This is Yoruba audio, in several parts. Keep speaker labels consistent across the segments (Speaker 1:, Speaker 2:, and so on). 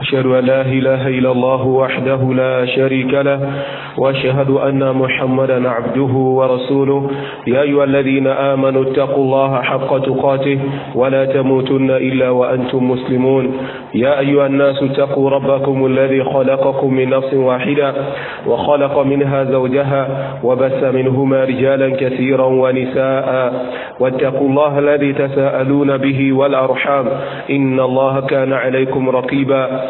Speaker 1: أشهد أن لا إله إلا الله وحده لا شريك له وأشهد أن محمدا عبده ورسوله يا أيها الذين آمنوا اتقوا الله حق تقاته ولا تموتن إلا وأنتم مسلمون يا أيها الناس اتقوا ربكم الذي خلقكم من نفس واحدة وخلق منها زوجها وبث منهما رجالا كثيرا ونساء واتقوا الله الذي تساءلون به والأرحام إن الله كان عليكم رقيبا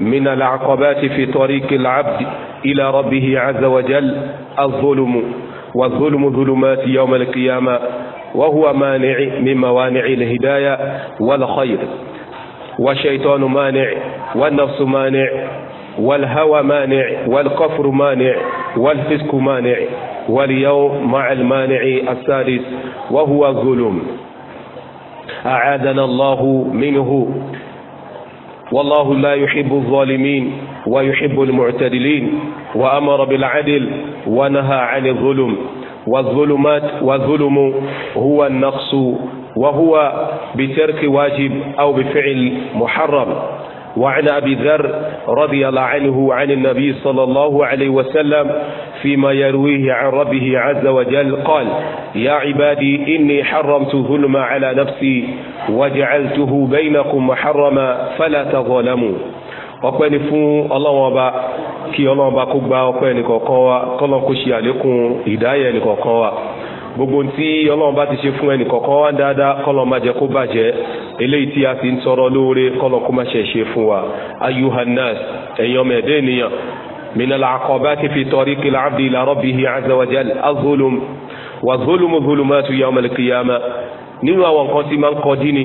Speaker 1: من العقبات في طريق العبد إلى ربه عز وجل الظلم والظلم ظلمات يوم القيامة وهو مانع من موانع الهداية والخير والشيطان مانع والنفس مانع والهوى مانع والكفر مانع والفسق مانع واليوم مع المانع الثالث وهو الظلم أعاذنا الله منه والله لا يحب الظالمين ويحب المعتدلين وأمر بالعدل ونهى عن الظلم والظلمات والظلم هو النقص وهو بترك واجب أو بفعل محرم وعن أبي ذر رضي الله عنه عن النبي صلى الله عليه وسلم فيما يرويه عن ربه عز وجل قال يا عبادي إني حرمت ظلم على نفسي وجعلته بينكم محرما فلا تظلموا وقال فو fún ọlọ́wọ́n ọba kí ọlọ́wọ́n ọba kó gba ọpẹ́ ẹnìkọ̀ọ̀kan wa kọ́lọ́n kó ṣe àlékún ìdáyẹ ẹnìkọ̀ọ̀kan wa gbogbo tí ọlọ́run bá ti ṣe fún ẹnì kọ̀ọ̀kan wá dáadáa kọ́lọ̀ má jẹ́ kó bàjẹ́ eléyìí tí a ti ń tọrọ lóore kọ́lọ̀ kó má ṣe ṣe fún wa ayuhannas ẹ̀yin ọmọ ẹ̀dẹ́ ènìyàn min al-aqabati fi tariqi al-abdi ila rabbihi azza wa jal az-zulm wa az-zulmu zulumatu yawm nínú àwọn nǹkan tí máa ń kọjú ni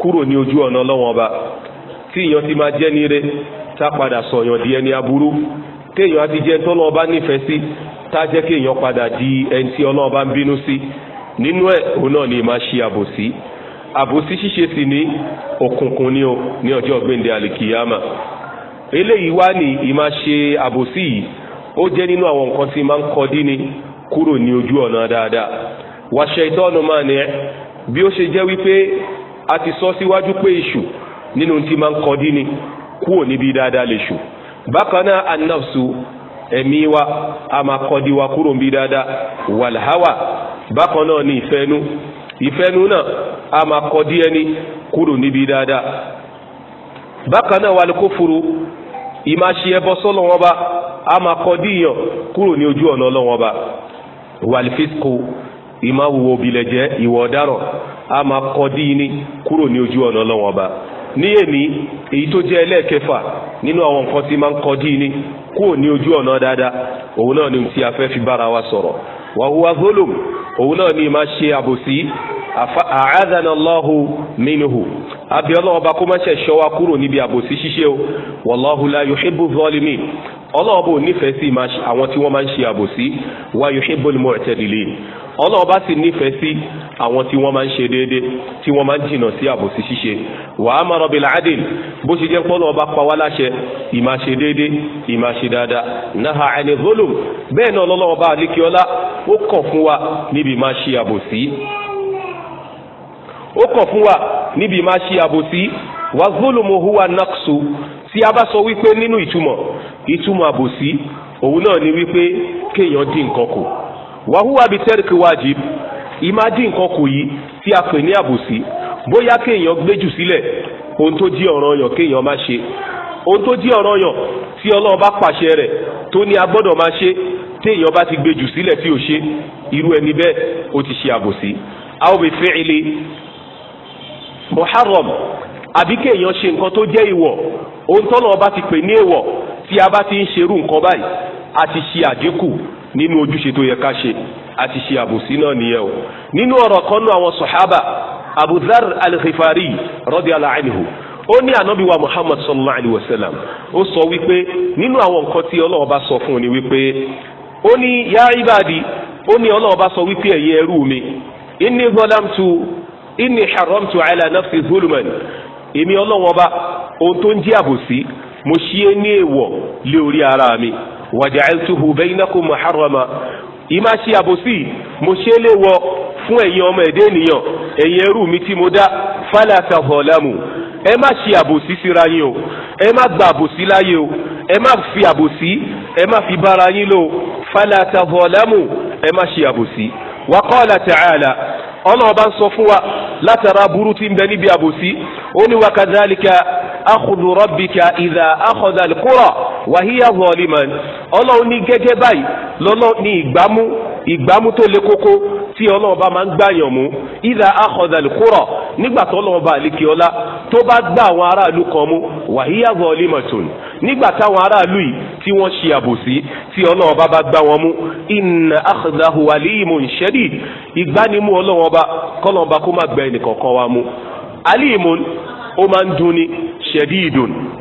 Speaker 1: kúrò ní ojú ọ̀nà ọlọ́wọ́n ọba tí èèyàn ti máa jẹ́ nire tá padà sọ̀yàn di ẹni aburú téèyàn á ti jẹ́ tọ́lọ́ ọba nífẹ̀ẹ́ sí tá a jẹ́ kí èèyàn padà di ẹni tí ọlọ́run bá ń bínú sí nínú ẹ̀ òun náà ni máa ṣe àbòsí àbòsí ṣíṣe sì ní òkùnkùn ní o ní ọjọ́ gbèǹde àlìkìyàmà eléyìí wá ní ìmá ṣe àbòsí yìí ó jẹ́ nínú àwọn nǹkan tí máa ń kọ dí ni kúrò ní ojú ọ̀nà dáadáa wàṣẹ ìtọ́nu máa ní ẹ bí ó ṣe jẹ́ wípé a ti sọ síwájú pé èṣù nínú tí máa ń kọ dí ni kúrò níbi dáadáa lè ṣù bákan náà an ẹ̀mí wa a máa kọ́di wa kúrò níbi dáadáa wàlháwà bákan náà ní ìfẹ́nu ìfẹ́nu náà a máa kọ́di ẹni kúrò níbi dáadáa bákan náà wà lóko furu ìmá ṣe ẹbọ sọ́lọ́ wọn bá a máa kọ́di yàn kúrò ní ojú ọ̀nà ọlọ́wọ́n bá wàlfíṣkò ìmá wùwọ́ bilẹ̀ jẹ́ ìwọ̀ ọ̀daràn a máa kọ́di ni kúrò ní ojú ọ̀nà ọlọ́wọ́n bá ní èní èyí tó jẹ́ ẹlẹ́ẹ̀kẹfà nínú àwọn nǹkan tí máa ń kọ́ dín ní kúrò ní ojú ọ̀nà dáadáa òun náà ni tí a fẹ́ fi bára wa sọ̀rọ̀ wàhùwà zolom òun náà ni máa ṣe àbòsí àádánilọ́hù mínúhù àbí ọlọ́ọ̀ba kó má ṣe ṣọ́ wa kúrò níbi àbòsí ṣíṣe o wàláhù la yuhibbu zalimin ọlọ́ọ̀bù nífẹ̀ẹ́ sí àwọn tí wọ́n máa ń ṣe àbòsí wa yuhibbul mu'tadilin ọlọ́run bá sì nífẹ̀ẹ́ sí àwọn tí wọ́n máa ń ṣe déédé tí wọ́n máa ń jìnnà sí àbòsí ṣíṣe wa amara bil adl bó ṣe jẹ́ pọ́lọ́ ọba pa wá láṣẹ ìmá ṣe déédé ìmá ṣe dáadáa naha ani zulum bẹ́ẹ̀ náà lọ́lọ́run bá alikiola ó kọ̀ fún wa níbi máa ṣe àbòsí ó kọ̀ fún wa níbi máa ṣe àbòsí wa zulumu huwa naqsu tí a bá sọ wípé nínú ìtumọ̀ ìtumọ̀ ni wípé kéèyàn dín wàhùwà bíi tẹ́rìkì wájib ìmájì nǹkan kò yí tí a pè ní àbòsí bóyá kéèyàn gbéjù sílẹ̀ ohun tó di ọ̀ràn yàn kéèyàn má ṣe ohun tó di ọ̀ràn yàn tí ọlọ́run bá pàṣẹ rẹ̀ tó ní a gbọ́dọ̀ máa ṣe téèyàn bá ti gbéjù sílẹ̀ tí ò ṣe irú ẹni bẹ́ẹ̀ ó ti ṣe àbòsí a ó bẹ fẹ́ ilé muharram àbí kéèyàn ṣe nǹkan tó jẹ́ ìwọ̀ ohun tọ́lọ́run bá ti pè ní ìwọ̀ tí a bá ti ń ṣerú nǹkan báyìí a ti ṣe àdínkù nínú ojúṣe tó yẹ ká ṣe àti ṣe àbòsí náà nìyẹn o nínú ọ̀rọ̀ kan náà àwọn sọ̀hábà Abu Dharr al-Ghifari radiyallahu anhu ó ní ànábì wa Muhammad sallallahu alayhi wa sallam ó sọ wípé nínú àwọn nǹkan tí Ọlọ́run bá sọ fún un ni wípé ó ní ya ibadi ó ní Ọlọ́run bá sọ wípé ẹ̀yin ẹrú mi inni zalamtu inni haramtu ala nafsi zulman èmi Ọlọ́run ọba ohun tó ń jẹ́ àbòsí mo ṣí é ní èèwọ̀ lé orí ara mi wàjàẹ́ltuhu bẹ́yìnàkó muharrama ìmá ṣe àbòsí mo ṣe é lè wọ fún ẹ̀yin ọmọ ẹ̀dẹ́ ènìyàn ẹ̀yin ẹrú mi tí mo dá fálà sàfọ̀ọ́lámù ẹ má ṣe àbòsí síra yín o ẹ má gba àbòsí láyé o ẹ má fi àbòsí ẹ má fi bára yín lò fálà sàfọ̀ọ́lámù ẹ má ṣe àbòsí. wàkọ́ọ̀lá tàcàlà ọlọ́run bá ń sọ fún wa látara burú tí ń bẹ níbi àbòsí ó ní wàkàdálíkà àkùdùrọ̀bìkà ìdá àkọ̀dàlùkúrọ̀ wàhíyà zọ̀ọ́límàn ọlọ́run ní gẹ́gẹ́ báyìí lọ́lọ́ ní ìgbámú ìgbámú tó le koko tí ọlọ́run bá máa ń gbàyàn mú ìdá akọ̀dàlù kúrọ̀ nígbà tó ọlọ́run bá àlekè ọlá tó bá gbà àwọn aráàlú kan mú wàhíyà zọlímọ̀tún nígbà táwọn aráàlú yìí tí wọ́n ṣe àbòsí tí ọlọ́run bá bá gbà wọn mú ìnà akọ̀dàhù wàlíìmù ìṣẹ́dì ìgbánimú ọlọ́run bá kó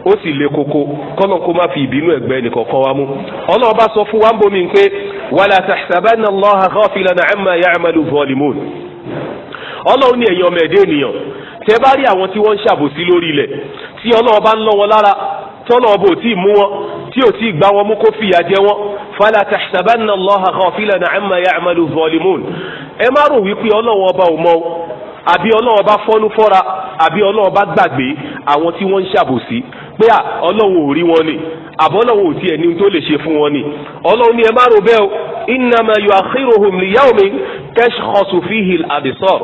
Speaker 1: ó sì le koko kọ́nà kó má fi ìbínú ẹ̀gbẹ́ ẹnìkọ̀ọ̀kan wa mú ọlọ́run bá sọ fún wa ń bomi pé wàlá tahsabanna Allaha ghafilan amma ya'malu zalimun ọlọ́run ní ẹ̀yin ọmọ ẹ̀dẹ́ ènìyàn tẹ bá rí àwọn tí wọ́n ń ṣàbòsí lórí ilẹ̀ tí ọlọ́run bá ń lọ wọn lára tọ́lọ̀ ọba ò tí ì mú wọn tí ò tí ì gbá wọn mú kó fìyà jẹ wọn fala tahsabanna Allaha ghafilan amma ya'malu zalimun ẹ má rò wípé àbí ọlọ́run ọba fọ́nú fọ́ra àbí ọlọ́run ọba gbàgbé àwọn tí wọ́n ń ṣàbòsí pé à ọlọ́run ò rí wọn ni àbọ́lọ́run ò tiẹ̀ ní tó lè ṣe fún wọn ni ọlọ́run ni ẹ má rò bẹ́ẹ̀ o innama yuakhiruhum li yawmin tashkhasu fihi al-absar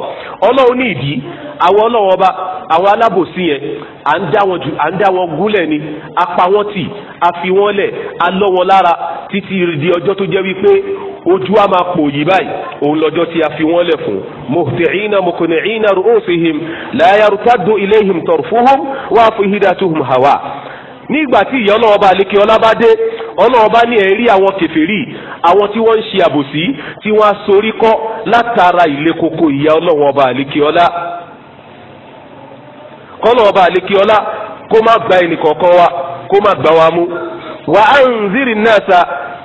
Speaker 1: ọlọ́run ní ìdí àwọn ọlọ́run ọba àwọn alábòsí yẹn à ń dá wọn jù à ń dá wọn gúnlẹ̀ ni a pa wọn tì a fi wọn lẹ̀ a lọ́ wọn lára títí di ọjọ́ tó jẹ́ wípé ojú a máa pò yí báyìí òun lọ́jọ́ tí a fi wọ́n lẹ̀ fún muhti'ina muqni'ina ru'usihim la yartaddu ilayhim tarfuhum wa afidatuhum hawa nígbà tí ìyà ọlọ́run bá lékè ọlá bá dé ọlọ́run bá ní ẹ̀rí àwọn kèfèrí àwọn tí wọ́n ń ṣe àbòsí tí wọ́n á sorí kọ́ látara ilé koko ìyà ọlọ́run bá lékè ọlá kọ́lọ́run bá lékè ọlá kó má gba ẹnìkọ̀ọ̀kan wa kó má gba wa mú wa anziri nasa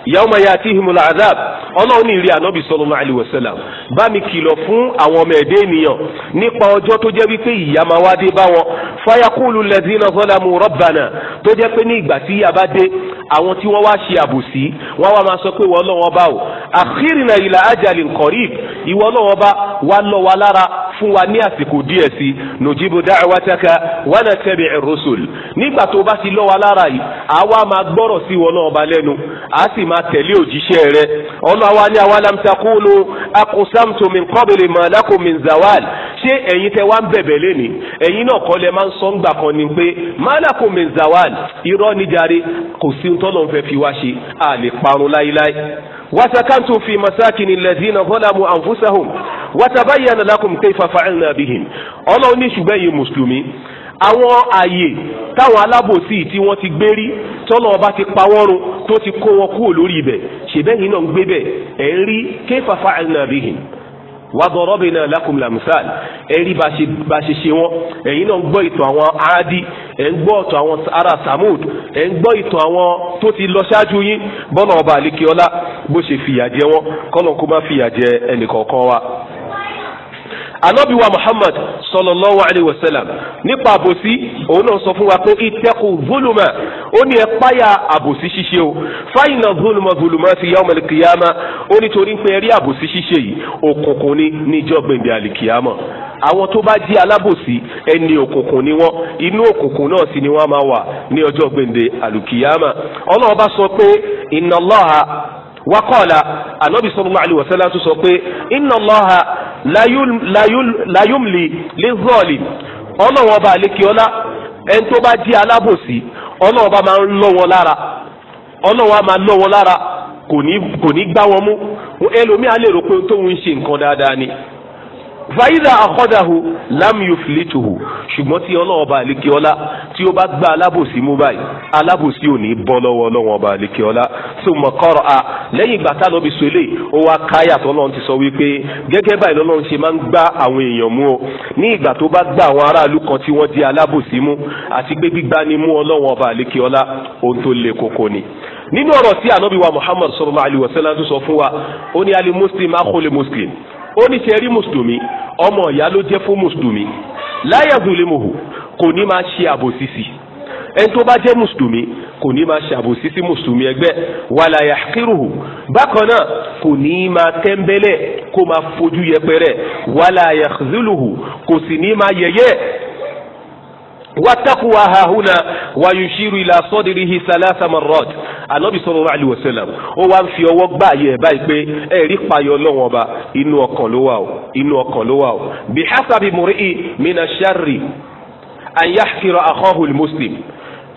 Speaker 1: yawma yatihimul azab ọlọ́run ní ìrí ànábì sallallahu alaihi wasallam bá mi kìlọ̀ fún àwọn ọmọ ẹ̀dẹ́ ènìyàn nípa ọjọ́ tó jẹ́ wípé ìyà máa wá dé bá wọn fayaqulu lladhina zalamu rabbana tó jẹ́ pé ní ìgbà tí ìyà bá dé àwọn tí wọ́n wá ṣe àbòsí wọ́n wá máa sọ pé ìwọ ọlọ́wọ́n bá o akhirna ila ajalin qarib ìwọ ọlọ́wọ́n bá wá lọ lára fún wa ní àsìkò díẹ̀ sí i nujibu da'wataka wa nattabi'ir rusul nígbà tó bá ti lọ lára yìí àwa máa gbọ́rọ̀ sí ìwọ ọlọ́wọ́n bá lẹ́nu àá sì máa tẹ̀lé òjíṣẹ́ rẹ ọlọ́wà ní awalam takunu akusamtu min qabli ma lakum min zawal ṣé ẹ̀yin tẹ wá ń bẹ̀bẹ̀ lẹ́ni ẹ̀yin náà kọ́ lẹ máa ń sọ ń gbà kan ni pé ma lakum min zawal irọ́ níjàre kò sí ń tọ́lọ́ fẹ́ fi wá ṣe a lè parun láíláí wasakantum fi masakini alladhina zalamu anfusahum watabayyana lakum kayfa fa'alna bihim ọlọ́run ní ṣùgbọ́n àwọn ààyè táwọn alábòsí tí wọ́n ti gbé rí tọ́lọ́ ọba ti pa wọ́n run tó ti kó wọn kúrò lórí ibẹ̀ ṣèbẹ́yìn náà ń gbé bẹ̀ ẹ̀ ń rí kayfa fa'alna bihim wa darabna lakum lamsal ẹ̀rí bá ṣe ṣe wọ́n ẹ̀yin náà ń gbọ́ ìtàn àwọn aadi ẹ̀ ń gbọ́ ìtàn àwọn ará samud ẹ̀ ń gbọ́ ìtàn àwọn tó ti lọ ṣáájú yín bọ́lá ọba àlekèọ́lá bó ṣe fìyà jẹ wọ́n kọ́lọ́n kó má fìyà jẹ ẹnìkọ̀ọ̀kan wa wa muhammad sallallahu alayhi wa sallam nípa àbòsí òun náà sọ fún wa pé ìtẹ́kù zuluma ó ní ẹ páyà àbòsí ṣíṣe o fáyìnà zuluma zuluma ti yawmal qiyama ó nítorí pé ẹrí àbòsí ṣíṣe yìí òkùnkùn ni níjọ́ gbèǹdé alikiyama àwọn tó bá jí alábòsí ẹni òkùnkùn ni wọn inú òkùnkùn náà sì ni wọn máa wà ní ọjọ́ gbèǹdé alikiyama ọlọ́run bá sọ pé inna wa kọla tún sọ pé inna Allaha la yumli liz-zalim ọlọ́wọ́n ọba àlekíọ́lá ẹni tó bá jẹ́ alábòsí ọlọ́wọ́n wọn lára ọlọ́wọ́n á máa wọn lára kò ní mú fàyídà àkọ́dàhù lámìú fìlítùhù ṣùgbọ́n tí ọlọ́wọ́ bá àlékè ọlá tí ó bá gba alábòsí mú báyìí alábòsí ò ní bọ́ lọ́wọ́ ọlọ́wọ́ bá àlékè ọlá tó mọ̀ kọ́rọ̀ a lẹ́yìn ìgbà tá lọ́bi sọ eléyìí ó wá káyà tó lọ́n ti sọ wípé gẹ́gẹ́ báyìí lọ́lọ́run ṣe máa ń gbá àwọn èèyàn mú o ní ìgbà tó bá gba àwọn aráàlú kan tí wọ́n di alábòsí mú àti pé gbígbá ni mú ọlọ́wọ́ koko ni nínú ọ̀rọ̀ tí ànábì wa Muhammad sallallahu alaihi wasallam tó sọ fún wa ó ní alimuslim akọ́lé muslim ó ní ṣe rí mùsùlùmí ọmọ ìyá ló jẹ́ fún mùsùlùmí láyà zulimuhu kò ní máa ṣe àbòsí sí ẹni tó bá jẹ́ mùsùlùmí kò ní máa ṣe àbòsí sí mùsùlùmí ẹgbẹ́ wàlà yàkírùhù bákan náà kò ní máa tẹ́ńbẹ́lẹ̀ kó máa fojú yẹpẹrẹ wàlà yàkúzùlùhù kò sì ní máa yẹyẹ watakuwa hahuna wayushiru ila sọdirihi salasa marod anabi sọlọ alayhi wa sallam ó wá ń fi ọwọ́ gbá ayé ẹ̀ báyìí pé ẹ rí payọ lọ́wọ́n ọba inú ọkàn ló wà o inú ọkàn ló wà o bí hasabi muri mina sharri anyahkiro akọhul muslim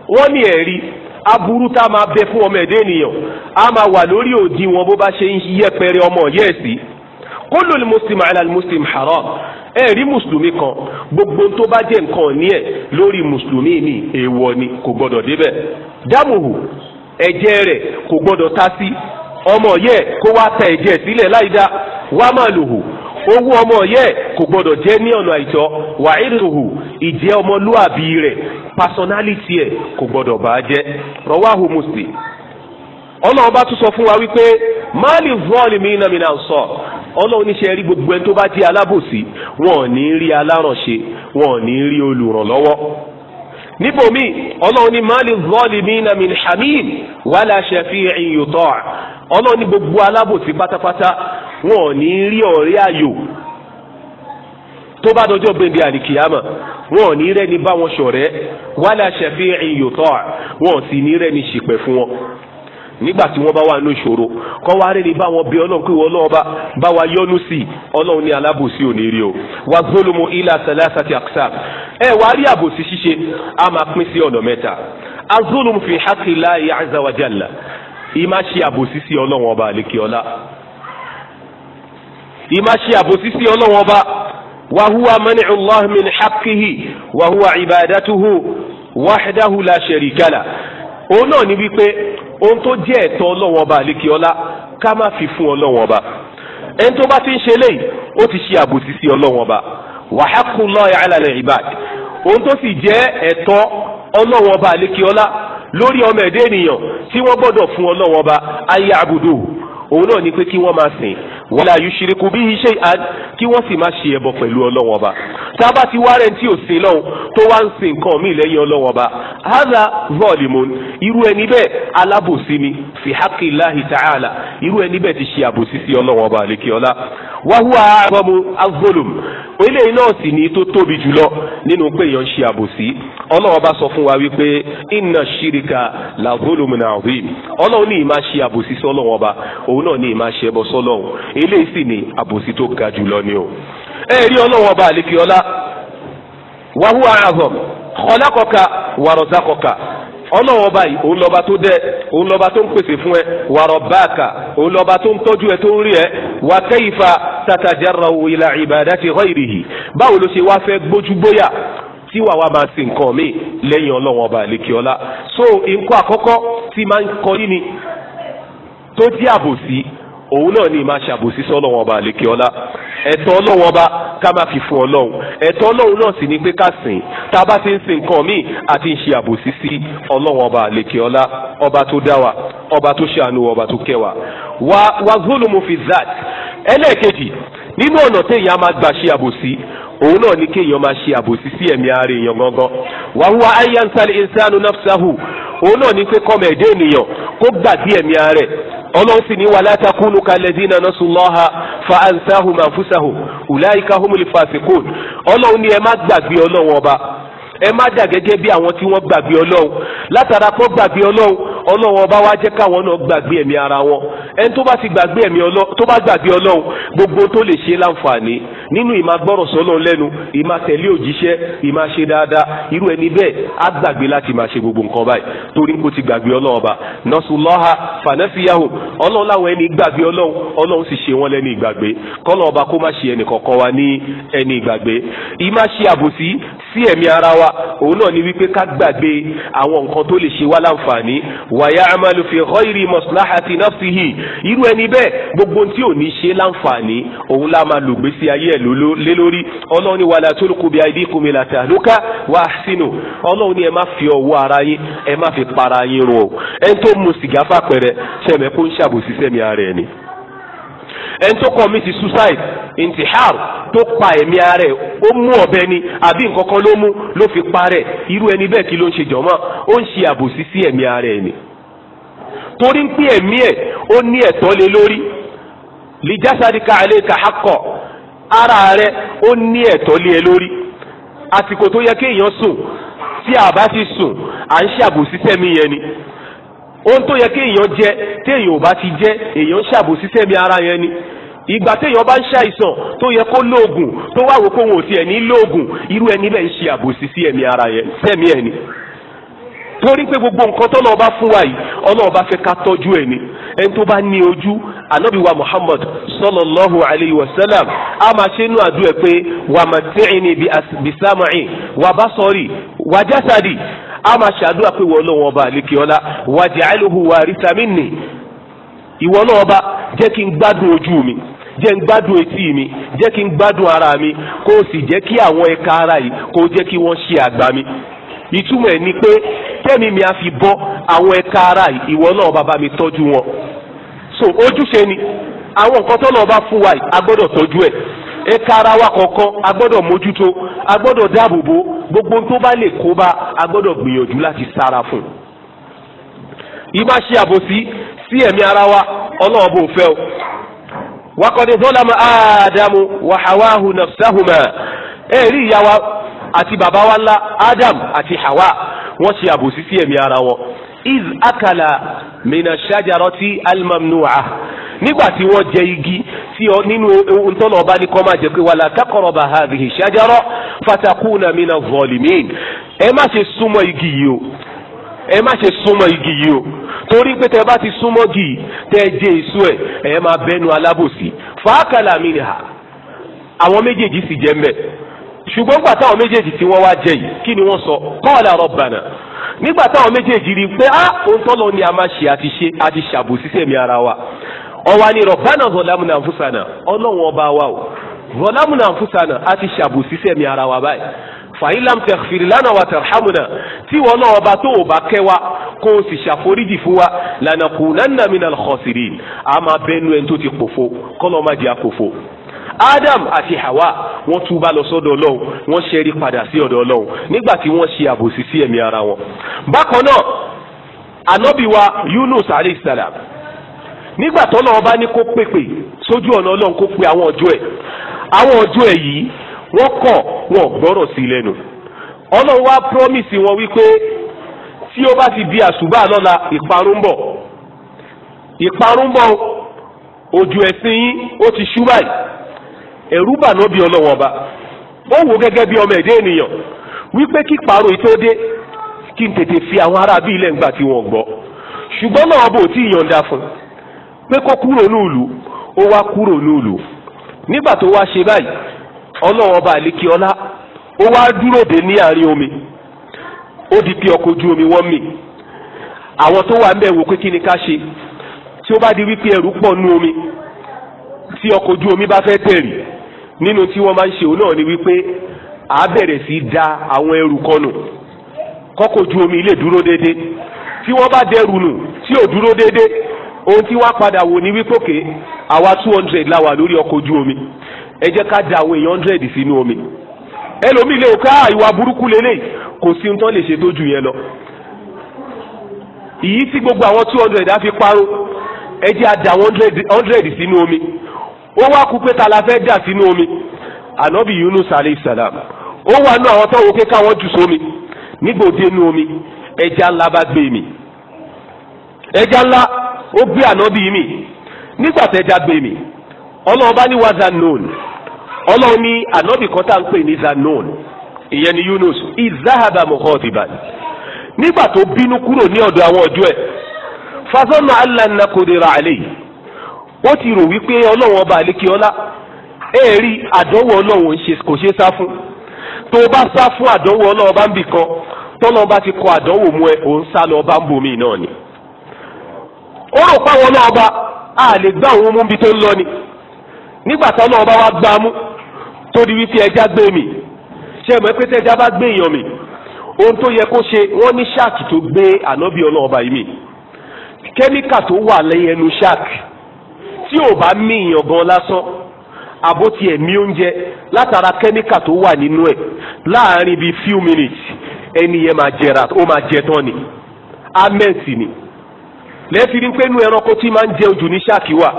Speaker 1: wọ́n ní ẹ̀rí aburú tá a máa bẹ fún ọmọ ẹ̀dẹ́ ènìyàn a máa wà lórí òdiwọ̀n bó bá ṣe ń yẹpẹrẹ ọmọ yẹ́ẹ̀sì kóló ni muslim ala muslim haram ẹ rí mùsùlùmí kan gbogbo tó bá jẹ́ nǹkan ní ẹ̀ lórí mùsùlùmí mi èèwọ̀ ni kò gbọ́dọ̀ débẹ̀ dámùhù ẹ̀jẹ̀ rẹ̀ kò gbọ́dọ̀ ta sí ọmọ yẹ kó wá ta ẹ̀jẹ̀ sílẹ̀ láìda wá máa lòhù owó ọmọ yẹ kò gbọ́dọ̀ jẹ́ ní ọ̀nà àìtọ́ wàhídùhù ìjẹ́ ọmọlúàbí rẹ̀ personality ẹ̀ kò gbọ́dọ̀ bàá jẹ́ rọwáhù muslim ọlọ́run bá tún sọ fún wa wípé máàlì vọ́ọ̀lì mi iná mi náà sọ ọlọ́run níṣẹ́ rí gbogbo ẹni tó bá di alábòsí wọn ò ní rí alárànṣe wọn ò ní rí olùrànlọ́wọ́ níbòmí ọlọ́run ní máàlì vọ́ọ̀lì mi iná mi hamim wàhálà ṣẹ̀fì ìyòtọ́ ọlọ́run ní gbogbo alábòsí pátápátá wọn ò ní rí ọ̀rẹ́ ayò tó bá dọjọ́ gbèndé àlìkìyàmà wọn ò ní rẹ́ni bá wọn ṣọ̀rẹ́ wàhálà ṣẹ̀fì ìyòtọ́ wọn ò sì ní rẹ́ni ṣìpẹ̀ nígbà tí wọ́n bá wà ní ìṣòro kọ́ wá rí ni bá wọn bí ọlọ́run pé wọ́n lọ́wọ́ bá wa yọ́nú sí i ọlọ́run ní alábòsí ò ní rí o wà gbólómo ilà sàlásà ti àkṣà ẹ wàá rí àbòsí ṣíṣe a máa pín sí ọ̀nà mẹ́ta azólùmù fi hákì láàyè azawajalla ìmá ṣe àbòsí sí ọlọ́run ọba àlekèọlá ìmá ṣe àbòsí sí ọlọ́run ọba wàhúwa mẹ́nìcúnlọ́hìn min hákìhì wàhúwa ìbàdàtúhù wàhídáhù la òun náà ni wípé ohun tó jẹ́ ẹ̀tọ́ ọlọ́wọ́n ọba àlékè ọlá ká má fi fún ọlọ́wọ́n ọba ẹni tó bá ti ń ṣe léyìí ó ti ṣe àbòsí sí ọlọ́wọ́n ọba wa haqqullahi ala al-ibad ohun tó sì jẹ́ ẹ̀tọ́ ọlọ́wọ́n ọba àlékè ọlá lórí ọmọ ẹ̀dá ènìyàn tí wọ́n gbọ́dọ̀ fún ọlọ́wọ́n ọba ayé àbùdù òun náà ni pé kí wọ́n máa sìn wala yushiriku bihi shay'an kí wọ́n sì má ṣe ẹbọ pẹ̀lú ọlọ́wọ́n ọba tá a bá ti wá rẹ̀ tí ò sin lọ́hùn tó wá ń sin nǹkan míì lẹ́yìn ọlọ́wọ́n ọba hadha zalimun irú ẹni bẹ́ẹ̀ alábòsí ni fi haqqi Allahi ta'ala irú ẹni bẹ́ẹ̀ ti ṣe àbòsí sí ọlọ́wọ́n ọba àlekíọ́lá wa huwa a'zamu az-zulm sì ni tó tóbi jùlọ nínú pé èèyàn ṣe àbòsí ọlọ́wọ́n bá sọ fún wa wípé inna shirika la zulumun azim ọlọ́wọ́n ní ìmáa ṣe àbòsí sọ́lọ́wọ́n ọba òun náà ní ìmáa ṣe ẹbọ eléyìí sì ni àbòsí tó ga jùlọ ni o. ẹ rí ọlọ́wọ́n ọba àlekè ọlá wàhùwà àzọ kọlákọ̀ọ́ka wàrọ̀sákọ̀ọ́ka ọlọ́wọ́n báyìí òun lọ́ba tó dẹ òun lọ́ba tó ń pèsè fún ẹ wàrọ̀ báàkà òun lọ́ba tó ń tọ́jú ẹ tó ń rí ẹ wà kẹ́yìfà tàtàjàrà ìlà ìbàdàtì ghairihi báwo ló ṣe wá fẹ́ gbójúgbóyà tí wàá wá máa sin nǹkan mi lẹ́yìn ọlọ́wọ́n ọba àlekíọ́lá so nǹkan àkọ́kọ́ tí máa ń kọ́ yín ni tó jẹ́ àbòsí òun náà ni máa ṣàbòsí sọ́lọ́wọ́n ọba àlékè ọlá ẹ̀tọ́ ọlọ́wọ́n ọba ká máa fi fún ọlọ́run ẹ̀tọ́ ọlọ́run náà sì ni pé ká sìn tá a bá ti ń sin nǹkan míì àti ń ṣe àbòsí sí ọlọ́wọ́n ọba àlékè ọlá ọba tó dá wa ọba tó ṣàánú ọba tó kẹ́ wa wá wá fi zat ẹlẹ́ẹ̀kejì nínú ọ̀nà téèyàn máa gbà ṣe àbòsí òun náà ni kéèyàn máa ṣe àbòsí sí ẹ̀mí ara èèyàn gangan wà wá ayánsálì ìsánú nafsahu òun náà ni pé kọ́mọ ẹ̀dẹ́ ènìyàn kó gbàgbé ẹ̀mí ara rẹ̀ ọlọ́run sì ní wàlá takunu kalẹ̀dínà náà sùn lọ́ha fa ansahum anfusahum ulaika humul fasikun ọlọ́run ni ẹ má gbàgbé ọlọ́run ọba ẹ má dà gẹ́gẹ́ bí àwọn tí wọ́n gbàgbé ọlọ́run látara kó gbàgbé ọlọ́run ọlọ́run ọba wa jẹ́ káwọn náà gbàgbé ẹ̀mí ara wọn ẹni tó bá ti gbàgbé ẹ̀mí ọlọ́run tó bá gbàgbé ọlọ́run gbogbo tó lè ṣe láǹfààní nínú ìmá gbọ́rọ̀ sọ́lọ́ lẹ́nu ìmá tẹ̀lé òjíṣẹ́ ìmá ṣe dáadáa irú ẹni bẹ́ẹ̀ á gbàgbé láti máa ṣe gbogbo nǹkan báyìí torí kò ti gbàgbé ọlọ́run ọba nọ́sùlọ́ha fànẹ́fìyàhùn ọlọ́run láwọn ẹni gbàgbé ọlọ́run ọlọ́run sì ṣe wọ́n lẹ́ni ìgbàgbé kọ́lọ́ ọba kó má ṣe wa ní ẹni wa ya'malu fi ghayri maslahati nafsihi irú ẹni bẹ́ẹ̀ gbogbo tí ò ní ṣe láǹfààní òun la máa lùgbésí ayé ẹ̀ lé lórí ọlọ́run ni wala tulqu bi aydikum ila tahluka wa ahsinu ọlọ́run ni ẹ má fi ọwọ́ ara yín ẹ má fi para yín run o ẹni tó mu sìgá fàpẹrẹ sẹ́mi kó ń ṣàbòsí sẹ́mi ara ẹ̀ ni ẹni tó suicide intihar tó pa ẹ̀mí ara ẹ̀ ó mú ọ̀bẹ ni àbí nǹkan kan ló mú ló fi parẹ́ irú ẹni bẹ́ẹ̀ kí ló ń ṣe jọ̀mọ́ ó ń ṣe àbòsí sí ẹ̀mí ara ẹ̀ ni torí ń pín ẹ̀mí ẹ̀ ó ní ẹ̀tọ́ lé lórí lìjásadìka àléka akọ ara rẹ̀ ó ní ẹ̀tọ́ lé ẹ lórí àsìkò tó yẹ kéèyàn sùn tí a bá ti sùn à ń ṣàbòsí sẹ́mi yẹn ni ohun tó yẹ kéèyàn jẹ téèyàn ò bá ti jẹ èèyàn ṣàbòsí sẹ́mi ara yẹn ni ìgbà téèyàn bá ń ṣàìsàn tó yẹ kó lóògùn tó wá wò kóhun ò tiẹ̀ ní lóògùn irú ẹni bẹ́ẹ̀ ń ṣe àbòsí sí ara yẹn sẹ́mi ẹni torí pé gbogbo nǹkan tó lọ́ọ́ bá fún wa yìí ọlọ́ọ̀ bá fẹ́ ká tọ́jú ẹ̀ ni ẹni tó bá ní ojú anabi wa muhammad sallallahu alayhi wa sallam a máa ṣe inú àdúrà pé wàmàtìrìnì bisámàì wàbásọ́rì wàjásàdì a máa ṣàdúrà pé ìwọ ọlọ́wọ́n ọba àlekè ọlá waj'alhu warisa minni ìwọ ọlọ́wọ́n ọba jẹ́ kí n gbádùn ojú mi jẹ́ n gbádùn etí mi jẹ́ kí n gbádùn ara mi kó o sì jẹ́ kí àwọn ẹ̀ka ara yìí kó o jẹ́ kí wọ́n ṣe àgbà mi ìtumọ̀ ẹ̀ ni pé tẹ́mi mi a fi bọ́ àwọn ẹ̀ka ara yìí ìwọ náà bàbá mi tọ́jú wọn so ojúṣe ni àwọn nǹkan tó náà bá fún wa yìí a tọ́jú ẹ̀ ẹ̀ka ara wa kọ̀ọ̀kan a gbọ́dọ̀ mójútó a gbọ́dọ̀ dáàbòbò gbogbo tó bá lè kó bá a gbọ́dọ̀ gbìyànjú láti sára fún un. ìbá ṣe àbòsí sí ẹ̀mí ara wa ọlọ́wọ́ bò fẹ́ o. wakọ̀dé zọ́lámù ádámù wàháwáhù nàfṣáhùmá ẹ̀rí ìyá wa àti bàbá wa ńlá ádám àti hàwá wọ́n ṣe àbòsí sí ẹ̀mí ara wọn. iz akala mina shajarati almamnu'a nígbà tí wọ́n jẹ igi tí ọ nínú ntọ́nà ọba ní kọ́ máa jẹ pé wala taqraba hadhihi shajara fatakuna mina zalimin ẹ má ṣe súnmọ́ igi yìí o ẹ má ṣe súnmọ́ igi yìí o torí pé tẹ bá ti súnmọ́ gì tẹ jẹ èso ẹ ẹ máa bẹnu alábòsí fàákàlà minha àwọn méjèèjì sì jẹ mbẹ ṣùgbọ́n gbàtà àwọn méjèèjì tí wọ́n wá jẹ yìí kí ni wọ́n sọ qala rabbana. nígbà táwọn méjèèjì rí i pé á ah, ohun tọ́lọ ni a máa ṣe àti ṣe àti ṣàbòsí sẹ́mi ara wa ọ̀wá ni rọ̀bánà zọ̀lámùnà fúsànà ọlọ́run ọba wa o zọ̀lámùnà fúsànà àti ṣàbòsí sẹ́mi ara wa báyìí fàyílàm tẹ̀fìrìlánà wa tẹ̀rẹ̀hámùnà tí wọn náà ọba tó o bá kẹ́ wa kó o sì ṣàforíjì fún wa lànà kùnánà mìíràn kọ̀sìrì àmà bẹ́ẹ̀ nu ẹni tó ti pòfo kọ́lọ́ má di àkófo. Adam àti Hawa wọ́n túbá lọ sọ́dọ̀ Ọlọ́run wọ́n ṣẹ́rí padà sí ọ̀dọ̀ Ọlọ́run nígbà tí wọ́n ṣe àbòsí sí ẹ̀mí ara wọn. bákan náà ànábì wa Yunus alayhi salam nígbà tọ́lọ́ ọba ní kó pèpè sójú ọ̀nà Ọlọ́run kó pe àwọn ọjọ́ ẹ̀ àwọn ọjọ́ ẹ̀ yìí wọ́n kọ̀ wọ́n gbọ́rọ̀ sí i lẹ́nu Ọlọ́run wá promise wọn wípé tí ó bá ti di àṣùbà lọ́la ìparun bọ̀ ìparun bọ̀ ojú ẹ̀sìn yín ó ti ṣú báyìí ẹ̀rú bà náà bí ọlọ́wọ́ ọba ó wò gẹ́gẹ́ bí ọmọ ẹ̀dẹ́ ènìyàn wípé kí pààrọ̀ ètò dé kí n tètè fi àwọn aráabí ilẹ̀ ńgbà tí wọ́n gbọ́ ṣùgbọ́n náà ọba ò tí ì yọ̀ǹda fún pé kó kúrò nílùú ó wá kúrò nílùú nígbà tó wá ṣe báyìí ọlọ́wọ́ ọba àlékí ọlá ó wá dúró dé ní àárín omi ó di pé ọkọ̀ ojú omi wọ́n mì àwọn tó wà ń bẹ̀ wò pé kí ni ká ṣe tí ó bá di wípé ẹrù pọ̀ nú omi tí ọkọ̀ ojú omi bá fẹ́ tẹ̀rì nínú tí wọ́n máa ń ṣe òun náà ni wípé a bẹ̀rẹ̀ sí da àwọn ẹrù kọnù kọ́kọ́ ojú omi lè dúró déédé tí wọ́n bá dẹrù nù tí ò dúró déédé ohun tí wọ́n padà wò ní wípé òkè àwa two hundred la wà lórí ọkọ̀ ojú omi ẹ jẹ́ ká da àwọn èèyàn hundred sínú omi ẹlòmíì lè ká ah, ìwà burúkú lélẹ̀ kò sí ohun tó lè ṣe tó jù yẹn lọ ìyí tí gbogbo àwọn two hundred á fi parun ẹ jẹ́ àdá hundred sínú omi ó wá kú pé ta la fẹ́ dà sínú omi ànábì Yunus alayhi ó wà nú àwọn tó pé káwọn jù sómi nígbà òde omi ẹja ńlá bá gbé mi ẹja ńlá ó gbé ànábì mi nígbà gbé mi ní ní ànábì ni Yunus izahaba mukhadiban nígbà tó bínú kúrò ní ọ̀dọ̀ àwọn ọ̀dọ́ ẹ̀ ó ti rò wípé ọlọ́run ọba àlekè ọlá èèrí àdánwò ọlọ́run kò ṣe sá fún tó o bá sá fún àdánwò ọlọ́run ọba ń bì kan tọ́lọ́run bá ti kọ àdánwò mú ẹ òun sá lọ ọba ń bomi náà ni. ó rò páwọn ọlọ́run a lè gbá òun mú bí tó ń lọ ni nígbà tí ọlọ́run ọba wá gbá mú tó di wípé ẹja gbé mi ṣe mọ̀ pé tẹ́jà bá gbé èèyàn mi ohun tó yẹ kó ṣe wọ́n ní ṣáàkì tó gbé ànábì ọlọ́run yìí mi kẹ́míkà tó wà lẹ́yìn ẹnu ṣáàkì tí ò bá mí ìyàn gan lásán àbó tiẹ̀ mí oúnjẹ látara kẹ́míkà tó wà nínú ẹ̀ láàárín bíi few minutes ẹni yẹn máa jẹra ó máa jẹ tán ni amẹ́ǹtì ni lẹ́ẹ̀fi ni pé inú ẹranko tí máa ń jẹun jù ní ṣáàkì wà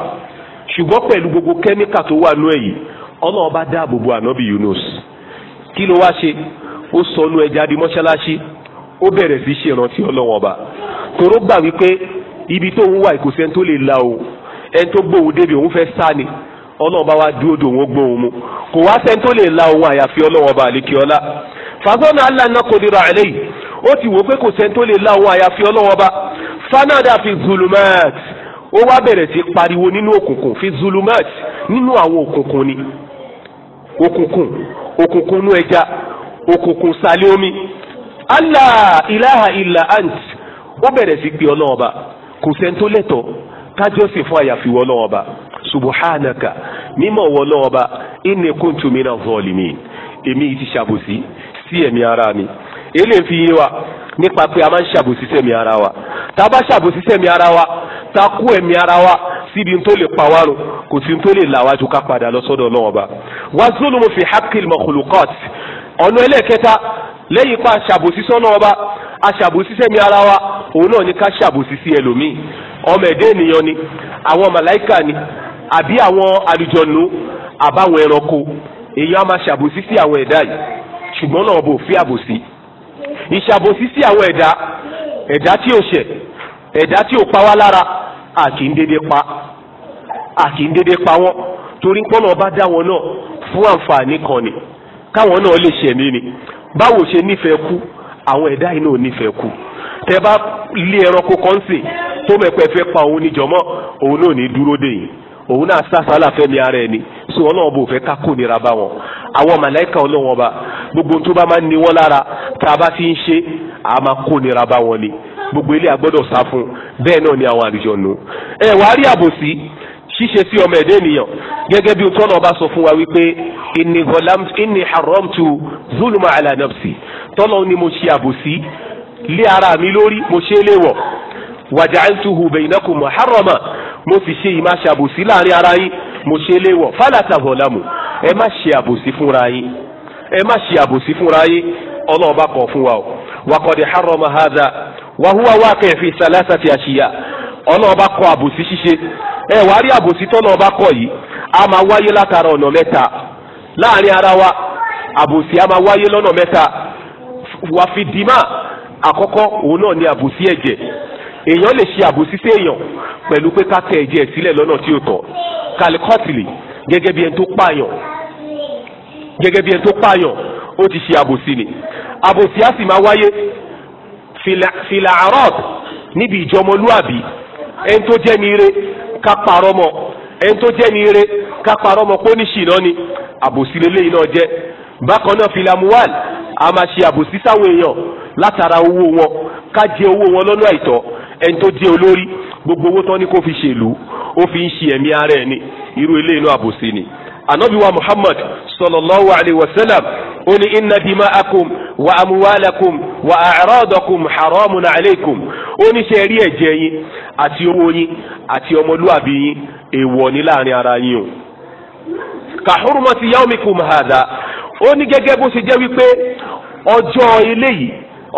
Speaker 1: ṣùgbọ́n pẹ̀lú gbogbo kẹ́míkà tó wà nú ẹ̀ yìí ọlọ́run bá dáàbò bo ànábì Yunus kí ló wá ṣe ó sọ ọ́nú ẹja di mọ́ṣáláṣí ó bẹ̀rẹ̀ sí ṣèrántí ọlọ́run ọba tòró gbà wípé ibi tó ń wà ìkòsẹ́ni lè la òun ẹni tó gbóhùn débi òun fẹ́ sá ni ọlọ́run bá wá dúró dòun ó gbóhùn mu kò wá sẹ́ni tó lè la òun àyàfi ọlọ́run ọba àlekí ọlá fagbọ́nà aláǹdá kò dira àlẹ́ yìí ó ti wò pé kò sẹ́ni tó lè la òun àyàfi ọlọ́run ọba fanada fi zulumat ó wá bẹ̀rẹ̀ sí pariwo nínú òkùnkùn fi zulumat nínú àwọn òkùnkùn ni òkùnkùn òkùnkùn nú ẹja òkùnkùn sálẹ̀ omi allah ilaha illa ant ó bẹ̀rẹ̀ sí pé ọlọ́run ọba kò sẹ́ni tó lẹ́tọ̀ọ́ kájọ́sìn fún àyàfi wọ́ lọ́wọ́ ba subuhánaka mímọ̀ wọ́ lọ́wọ́ ba inni kuntu mina zalimin èmi ti ṣàbòsí sí ẹ̀mí ara mi eléyìí fi yé wa nípa pé a máa ń ṣàbòsí sẹ́mi ara wa tá a bá ṣàbòsí sẹ́mi ara wa tá a kó ẹ̀mí ara wa síbi tó lè pa wá run kò sí tó lè là wá ju ká padà lọ sọ́dọ̀ ọlọ́wọ́n ba wazulumu fi haqqil makhluqat ọ̀nà ẹlẹ́kẹta lẹ́yìn pa aṣàbòsí sọ́nà ọba aṣàbòsí sẹ́mi ara wa òun náà ni ká ṣàbòsí sí ẹlòmíì ọmọ ẹ̀dẹ́ ènìyàn ni àwọn màláìkà ni àbí àwọn àlùjọ̀nù àbáwọn ẹranko èèyàn á máa ṣàbòsí sí àwọn ẹ̀dá yìí ṣùgbọ́n náà bò fi àbòsí ìṣàbòsí sí àwọn ẹ̀dá ẹ̀dá tí ò ṣẹ̀ ẹ̀dá tí ò pa wá lára àkìndédé pa àkìndédé pa wọ́n torí pọ́nà ọba dá wọn náà fún àǹfààní kan ni káwọn náà lè ṣẹ̀mí ni báwo ṣe nífẹ̀ẹ́ kú àwọn ẹ̀dá iná ò nífẹ̀ẹ́ kú tẹ bá lé ẹranko kan sè tó mẹ́pẹ́ fẹ́ pa òun níjọ́mọ́ òun náà ní dúró dè yìí òun náà sásàlà fẹ́mi ara ẹni so ọlọ́run bò fẹ́ ká kó nira bá wọn àwọn màláìka ọlọ́run ọba gbogbo tó bá máa ń ni wọ́n lára tá a bá fi ń ṣe a máa kó nira bá wọn ni gbogbo ilé a sá fún bẹ́ẹ̀ náà ni àwọn àlùjọ nù ẹ wàá rí àbòsí ṣíṣe sí ọmọ ẹ̀dẹ́ ènìyàn gẹ́gẹ́ bí tọ́nà ọba sọ fún wa wípé inni gọlam inni haramtu zulma ala nafsi tọ́nà ni mo ṣe àbòsí lé ara mi lórí mo ṣe é léwọ̀ waja'altuhu bainakum muharrama mo sì ṣe ìmá ṣe àbòsí láàrin ara yín mo ṣe é léwọ̀ fala tazalamu ẹ má ṣe àbòsí fúnra yín ẹ má ṣe àbòsí fúnra yín ọlọ́ọ̀bá kọ̀ fún wa o wa qad harrama hadha wa fi salasati ashiya ọ̀nà ọba kọ àbòsí ṣíṣe ẹ wàá rí àbòsí tọ́nà ọba kọ yìí a máa wáyé látara ọ̀nà mẹ́ta láàrin ara wa àbòsí a máa wáyé lọ́nà mẹ́ta wàfídìmá àkọ́kọ́ òun náà ni àbòsí ẹ̀jẹ̀ èèyàn lè ṣe àbòsí sí èèyàn pẹ̀lú pé ká tẹ ẹ̀jẹ̀ sílẹ̀ lọ́nà tí ó tọ́ kàlíkọ́tìlì gẹ́gẹ́ bí ẹni tó pààyàn gẹ́gẹ́ bí ẹni tó pààyàn ó ti ṣe àbòsí ni àbòsí á sì máa wáyé fìlà àrọ́ọ̀t níbi ìjọmọlúàbí ẹni tó jẹ́ ni ire ká parọ́ mọ́ ẹni tó jẹ́ ni ire ká parọ́ mọ́ kó ní ṣìnà ni àbòsí lélẹ́yìn náà jẹ́ bákan náà filamuwal a máa ṣe àbòsí sáwọn èèyàn látara owó wọn ká jẹ owó wọn lọ́nà àìtọ́ ẹni tó jẹ́ olórí gbogbo owó tán ni kó fi ṣèlú ó fi ń ṣe ẹ̀mí ara ẹ̀ ni irú eléyìí náà àbòsí ni anabiwa muhammad sallallahu alayhi wa sallam ó ní inna dima'akum wa amuwalakum wa a'radakum haramun alaykum ó ní ṣe rí ẹ̀jẹ̀ yín àti owó yín àti ọmọlúwàbí yín èèwọ̀ ní láàrin ara yín o ka hurmati yawmikum hadha ó ní gẹ́gẹ́ bó ṣe jẹ́ wípé ọjọ́ eléyìí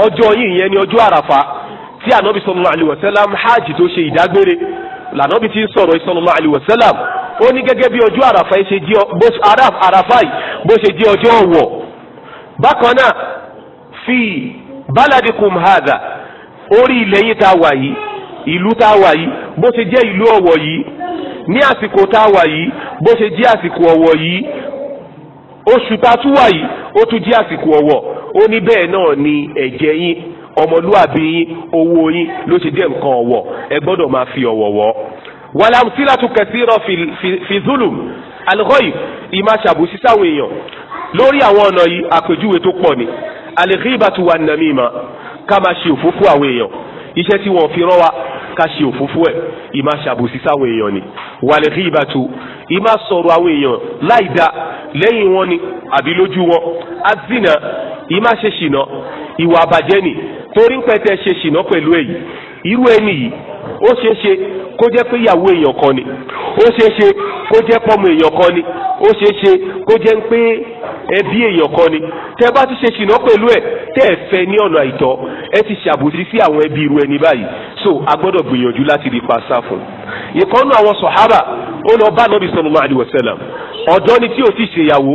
Speaker 1: ọjọ́ yìí yẹn ni ọjọ́ àràfà tí ànábì sallallahu alayhi wa sallam hajj tó ṣe ìdágbére lànàbì ti ń sọ̀rọ̀ sallallahu alayhi wa sallam ó ní gẹ́gẹ́ bí ọjọ́ àràfà ṣe di àràfà yìí bó ṣe di ọjọ́ ọ̀wọ̀ bákan náà fi baladikum hadha orí ilẹ̀ yìí tá a wà yìí ìlú tá a wà yìí bó ṣe jẹ́ ìlú ọ̀wọ̀ yìí ní àsìkò tá a wà yìí bó ṣe jẹ́ àsìkò ọ̀wọ̀ yìí oṣù tá a tún wà yìí ó tún jẹ́ àsìkò ọ̀wọ̀ ó ní bẹ́ẹ̀ náà ni ẹ̀jẹ̀ yín ọmọlúwàbí yín owó yín ló ṣe jẹ́ nǹkan ọ̀wọ̀ ẹ gbọ́dọ̀ máa fi ọ̀wọ̀ wọ̀ ọ́ wàlá sílàtú kẹsìrọ fìzúlùm alghayb ìmá ṣàbùsí sáwọn èèyàn lórí àwọn ọ̀nà yìí àpèjúwe tó pọ̀ ni alghibatu wà nàmímà ká máa ṣe òfófó àwọn èèyàn iṣẹ́ tí wọ́n fi rán wa ká ṣe òfófó ẹ̀ ìmá ṣàbùsí sáwọn èèyàn ni walghibatu ìmá sọ̀rọ̀ àwọn èèyàn láì dá lẹ́yìn wọn ni àbí lójú wọn azina ìmá ṣe ṣìnà ìwà àbàjẹ́ ni torí pẹ́tẹ́ ṣe ṣìnà pẹ̀lú èyí irú ẹni yìí ó ṣeé ṣe kó jẹ́ pé ìyàwó èèyàn kan ni ó ṣeé ṣe kó jẹ́ pọ́mọ èèyàn kan ni ó ṣeé ṣe kó jẹ́ pé ẹbí èèyàn kan ni tẹ́ bá ti ṣe ṣìnà pẹ̀lú ẹ̀ tẹ́ ẹ fẹ́ ní ọ̀nà àìtọ́ ẹ ti ṣàbòsí sí àwọn ẹbí irú ẹni báyìí so a gbọ́dọ̀ gbìyànjú láti rí pàṣà fún un ìkọ́nù àwọn sọ̀hábà ó lọ bá nàbì sallallahu alaihi wasallam ọ̀dọ́ ni tí ò ti ṣèyàwó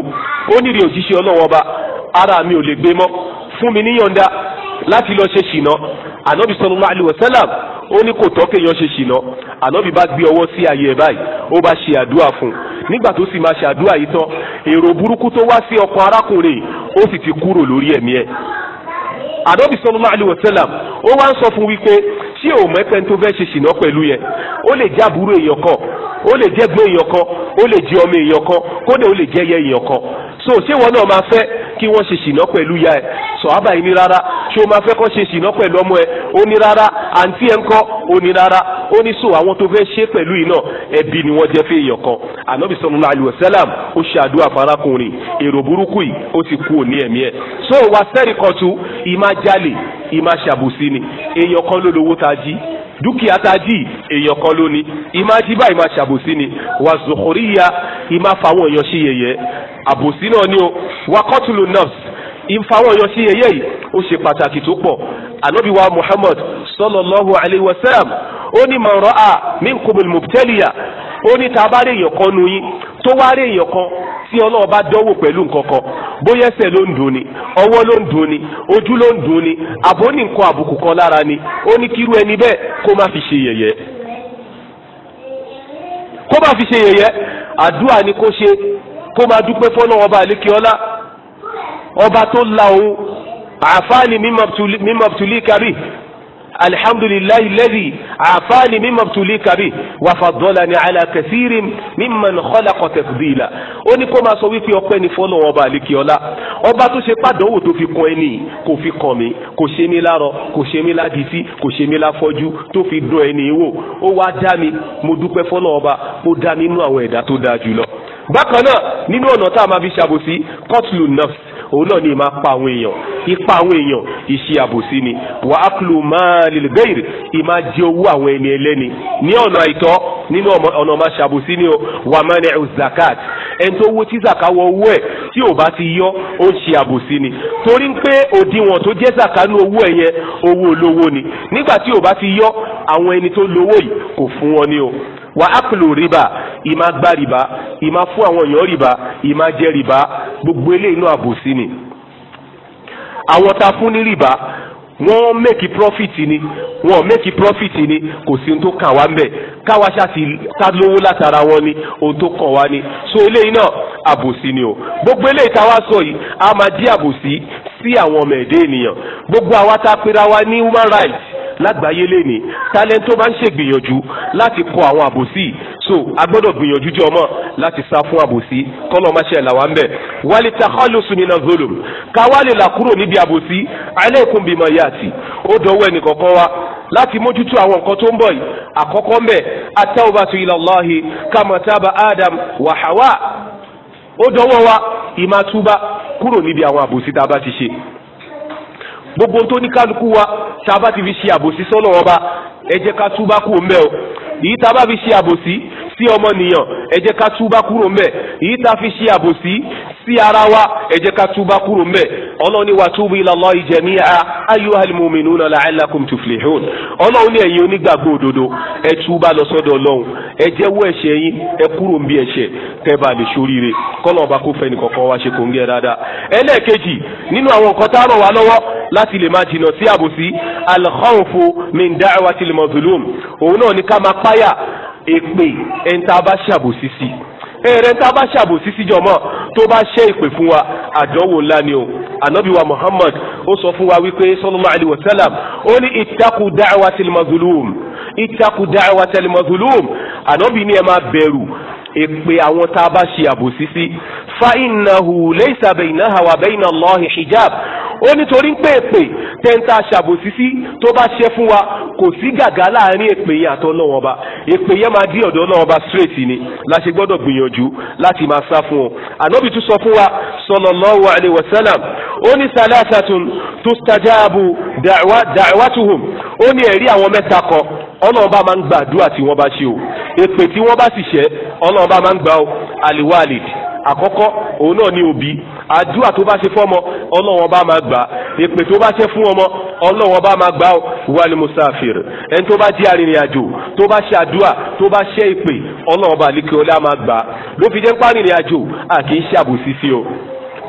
Speaker 1: ó nírè òjíṣẹ́ ọlọ́wọ́ bá ara mi ò lè gbé mọ́ fún mi níyọ̀ǹda láti lọ ṣe ṣìnà ànábì sallallahu alaihi wasallam ó ní kò tọ́ kéèyàn ṣe ṣìnà ànábì bá gbé ọwọ́ sí ayé ẹ̀ báyìí ó bá ṣe àdúrà fún un nígbà tó sì máa ṣàdúrà yìí tán èrò burúkú tó wá sí ọkàn arákùnrin ó sì ti kúrò lórí ẹ̀mí ẹ̀ ànábì sallallahu alaihi wasallam ó wá ń sọ fún wípé tí ò mọ̀ pé tó fẹ́ ṣe ṣìnà pẹ̀lú yẹn ó lè jẹ́ àbúrò èèyàn kan ó lè jẹ́ gbọ́n èèyàn kan ó lè jẹ́ ọmọ èèyàn kan kódà ó lè jẹ́ yẹ èèyàn kan so ṣé wọn náà máa fẹ́ kí wọ́n ṣe ṣìnà pẹ̀lú ya ẹ sọ ábà yìí ní rárá ṣé o máa fẹ́ kọ́ ṣe ṣìnà pẹ̀lú ọmọ ẹ ó ní rárá àǹtí ẹ ń kọ́ ó ní rárá ó ní so àwọn tó fẹ́ ṣe pẹ̀lú yìí náà ẹbí ni wọ́n jẹ́ fẹ́ èèyàn kan ànábì sallallahu alaihi wasallam ó ṣe àdúrà farakùnrin èrò burúkú yìí ó ti kú òní ẹ̀mí ẹ̀ so wàá sẹ́rìkọ̀tù ìmájalè ìmáṣàbùsí ni èèyàn kan ló lówó ta máa jí dúkìá tá a jí èèyàn kan ló ní báyìí máa ṣàbòsí ni wà zòkòríyà ìmá fáwọn èèyàn ṣe yẹ̀yẹ́ àbòsí náà ni o wà kọ́tùlù nọ́ọ̀sì ìfàwọn èèyàn ṣe yẹ̀yẹ́ yìí ó ṣe pàtàkì tó pọ̀ ànábìwá Muhammad sallallahu alayhi wa sallam ó ní man ra'a minkumul mubtaliya ó ní tá a bá rí èèyàn kan nu yín tó wá rí èèyàn kan tí ọlọ́run bá dánwò pẹ̀lú nǹkan kan bóyá ẹsẹ̀ ló ń dùn ni ọwọ́ ló ń dùn ni ojú ló ń dùn ni àbó ní nǹkan àbùkù kan lára ni ó ní kírú ẹni bẹ́ẹ̀ kó má fi ṣe yẹ̀yẹ́ kó má fi ṣe yẹ̀yẹ́ àdúrà ni kó ṣe kó má dúpẹ́ fọ́nà ọba àlékiọ́lá ọba tó la òun àfáàní mímọ̀túlí kárí alhamdulilayi lẹ́dí àfáàní mímọ̀ tùlí kàbí wàfàdọ́lani alákẹ́sírì mímọ̀ nìkọ́lákọ̀ tẹ̀sídìlà ó ní kó máa sọ wípé ọpẹ́ ni fọ́lọ́ ọba àlekíọ́lá ọba tó ṣe pàdánwò tó fi kan ẹni kò fi kàn mí kò ṣe mí lárọ kò ṣe mí ládìtí kò ṣe mí láfọ́jú tó fi dún ẹni wò ó wá dá mi mo dúpẹ́ fọ́lọ́ ọba ó dá mi nú àwọn ẹ̀dá tó dáa jùlọ bákan náà nínú ọ̀nà tá a máa fi ṣàbòsí kọ́tùlù nọ́ọ̀sì òun náà ni ìmá pa àwọn èèyàn ipa àwọn èèyàn iṣẹ́ àbòsí ni wà á kúlù máa lè gbèrè ìmá jẹ owó àwọn ẹni ẹlẹ́ni ní ọ̀nà àìtọ́ nínú ọ̀nà ọmọ ṣàbòsí ni wà á máa ní ẹ̀rù zakat ẹni tó wó tí zaka wọ owó ẹ̀ tí ò bá ti yọ ó ń ṣe àbòsí ni torí pé òdiwọ̀n tó jẹ́ zakanu owó ẹ̀ yẹn owó olówó ni nígbà tí ò bá ti yọ àwọn ẹni tó lówó yìí kò fún wọn ní o wà á kìlò rìbá ìmá gbá rìbá ìmá fún àwọn èèyàn riba ìmá jẹ rìbá gbogbo eléyìí náà àbòsí ni. àwọn tá a fún ní rìbá wọ́n mẹ́kì profit ni wọ́n mẹ́kì profit ni kò sí ohun tó kàn wá mbẹ̀ káwa ṣáàtì ká lówó látara wọn ni ohun tó kàn wá ni so eléyìí náà àbòsí ni o gbogbo eléyìí táwa sọ yìí a máa jí àbòsí sí àwọn ọmọ ẹ̀dẹ́ ènìyàn gbogbo àwa tá pera wa ní human rights lágbàáyé lẹ́ni talent tó bá ń ṣègbìyànjú láti kọ àwọn àbòsí so a gbọ́dọ̀ gbìyànjú jẹ́ ọmọ láti sá fún àbòsí kọ́lọ́ má ṣe làwọn ń bẹ̀ wálé takhalusu nínú zolom káwá lè là kúrò níbi àbòsí alaykum bima yati ó dọwọ́ ẹnì wa láti mójútó àwọn nǹkan tó ń bọ̀ yìí àkọ́kọ́ ń bẹ̀ atawbatu ilallahi kama adam wa hawa ó dọwọ́ wa ìmàtúbà kúrò níbi àwọn àbòsí tá a bá ti ṣe gbogbo tó ní kálukú wa tá a bá ti fi ṣe àbòsí sọ́nà ọba ẹ jẹ́ ká túbá kú mbẹ́ o èyí tá a bá fi ṣe àbòsí sí ọmọnìyàn ẹ jẹ́ ká túbá kúrò ńbẹ̀ èyí tá a fi ṣe àbòsí sí ara wa ẹ jẹ́ ká túbá kúrò ńbẹ̀ ọlọ́run ní wàtúbù ila Allahi jami'a ayyuhal mu'minuna la'allakum tuflihun ọlọ́run ní ẹ̀yin onígbàgbọ́ òdodo ẹ túbá lọ sọ́dọ̀ ọlọ́run ẹ jẹ́wọ́ ẹ̀ṣẹ̀ yín ẹ kúrò ńbi ẹ̀ṣẹ̀ tẹ́ bá lè ṣoríire kọ́lọ́n ọba kó fẹ́ ní kọ̀ọ̀kan ṣe kò ń gẹ́ dáadáa ẹlẹ́ẹ̀kejì nínú àwọn nǹkan tá a rọ̀ wá lọ́wọ́ láti lè máa jìnnà sí àbòsí al-khawfu min da'watil mazlum òun náà ní èpè ẹni tá a bá ṣàbòsí sí ẹ̀rẹ̀ tá a bá ṣàbòsí sí jọmọ́ tó bá ṣẹ́ ìpè fún wa àdánwò ńlá ni o ànábì wa Muhammad ó sọ fún wa wípé sallallahu alayhi wa sallam ó ní ittaqu da'watil mazlum ittaqu da'watil mazlum ànábì ni ẹ máa bẹ̀rù èpè àwọn tá a bá ṣe àbòsí sí fa innahu laysa baynaha wa bayna Allahi hijab ó nítorí ń pé èpè tẹ́ńtà ṣàbòsí sí tó bá ṣe fún wa kò sí gàgà láàrin èpè yẹn àtọ́ náà wọn ba èpè yẹn máa dí ọ̀dọ̀ náà wọn ba straight ni la ṣe gbọ́dọ̀ gbìyànjú láti máa sá fún ọ. ànábì tún sọ fún wa sallallahu alaihi wasallam ó ní salasatun tustajabu da'watuhum ó ní ẹ̀rí àwọn mẹ́ta kan ọlọ́run bá máa ń gbàdúrà tí wọ́n bá ṣe o èpè tí wọ́n bá sì ṣẹ́ àkọ́kọ́ òun náà ni òbí àdúrà tó bá ṣe fọ́mọ ọlọ́wọ́n bá máa gbà èpè tó bá ṣe fún ọmọ ọlọ́wọ́n bá máa gbà ó wà ní musafir ẹni tó bá jẹ́ arìnrìnàjò tó bá ṣe àdúrà tó bá ṣe èpè ọlọ́wọ́n bá líkẹ́ ọlá máa gbà ló fi jẹ́ ń pa arìnrìnàjò à í ṣàbòsí sí o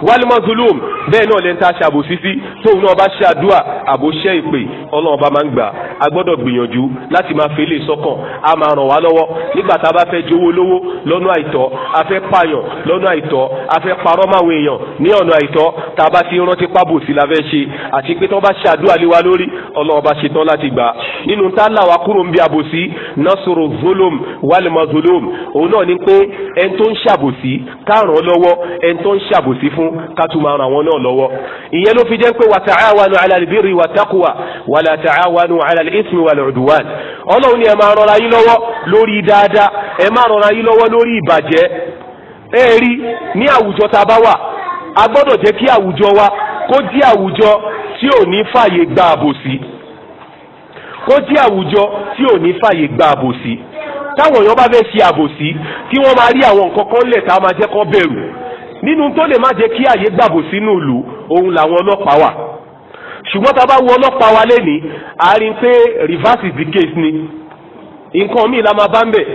Speaker 1: wálímọ́zulùm bẹ́ẹ̀ náà lẹ́ńtà ṣàbòsí sí tóun náà bá ṣe àdúrà àbòṣẹ́ ìpè ọlọ́run bá máa ń gbà á gbọ́dọ̀ gbìyànjú láti máa fele sọ́kàn á máa ràn wá lọ́wọ́ nígbà tá a bá fẹ́ jowó lówó lọ́nà àìtọ́ a fẹ́ pààyàn lọ́nà àìtọ́ a fẹ́ parọ́ máwọn èèyàn ní ọ̀nà àìtọ́ tá a bá ti rántí pábò sí la fẹ́ ṣe àti pé tó bá ṣe àdúrà lé wa lórí ọlọ́run bá ṣe tán láti gbà nínú tá a là wá kúrò ń bí àbòsí nasoro zolom wálímọ́zulùm òun náà ni pé ẹni tó ń ṣàbòsí ká ràn lọ́wọ́ ẹni tó ń ṣàbòsí fún ká tún máa ràn wọn náà lọ́wọ́ ìyẹn ló fi jẹ́ pé wa ta'awanu 'ala al-birri wa taqwa wa la ta'awanu 'ala al-ithmi wal-'udwan ọlọ́run ni ẹ máa rọra yín lọ́wọ́ lórí dáadáa ẹ máa rọra yín lọ́wọ́ lórí ìbàjẹ́ ẹ rí ní àwùjọ tá a bá wà a gbọ́dọ̀ jẹ́ kí àwùjọ wa kó di àwùjọ tí ò ní fàyè gba àbòsí kó di àwùjọ tí ò ní fàyè gba àbòsí táwọn èèyàn bá fẹ́ ṣe àbòsí kí wọ́n máa rí àwọn nǹkan kan lẹ̀ tá a máa jẹ́ kó bẹ̀rù nínú tó lè má jẹ́ kí àyè gbàbò sínú ìlú òun làwọn ọlọ́pàá wà ṣùgbọ́n tá a bá wo ọlọ́pàá wa lẹ́ni a rí i pé reverse is the case ni nǹkan míì la máa bá ń bẹ̀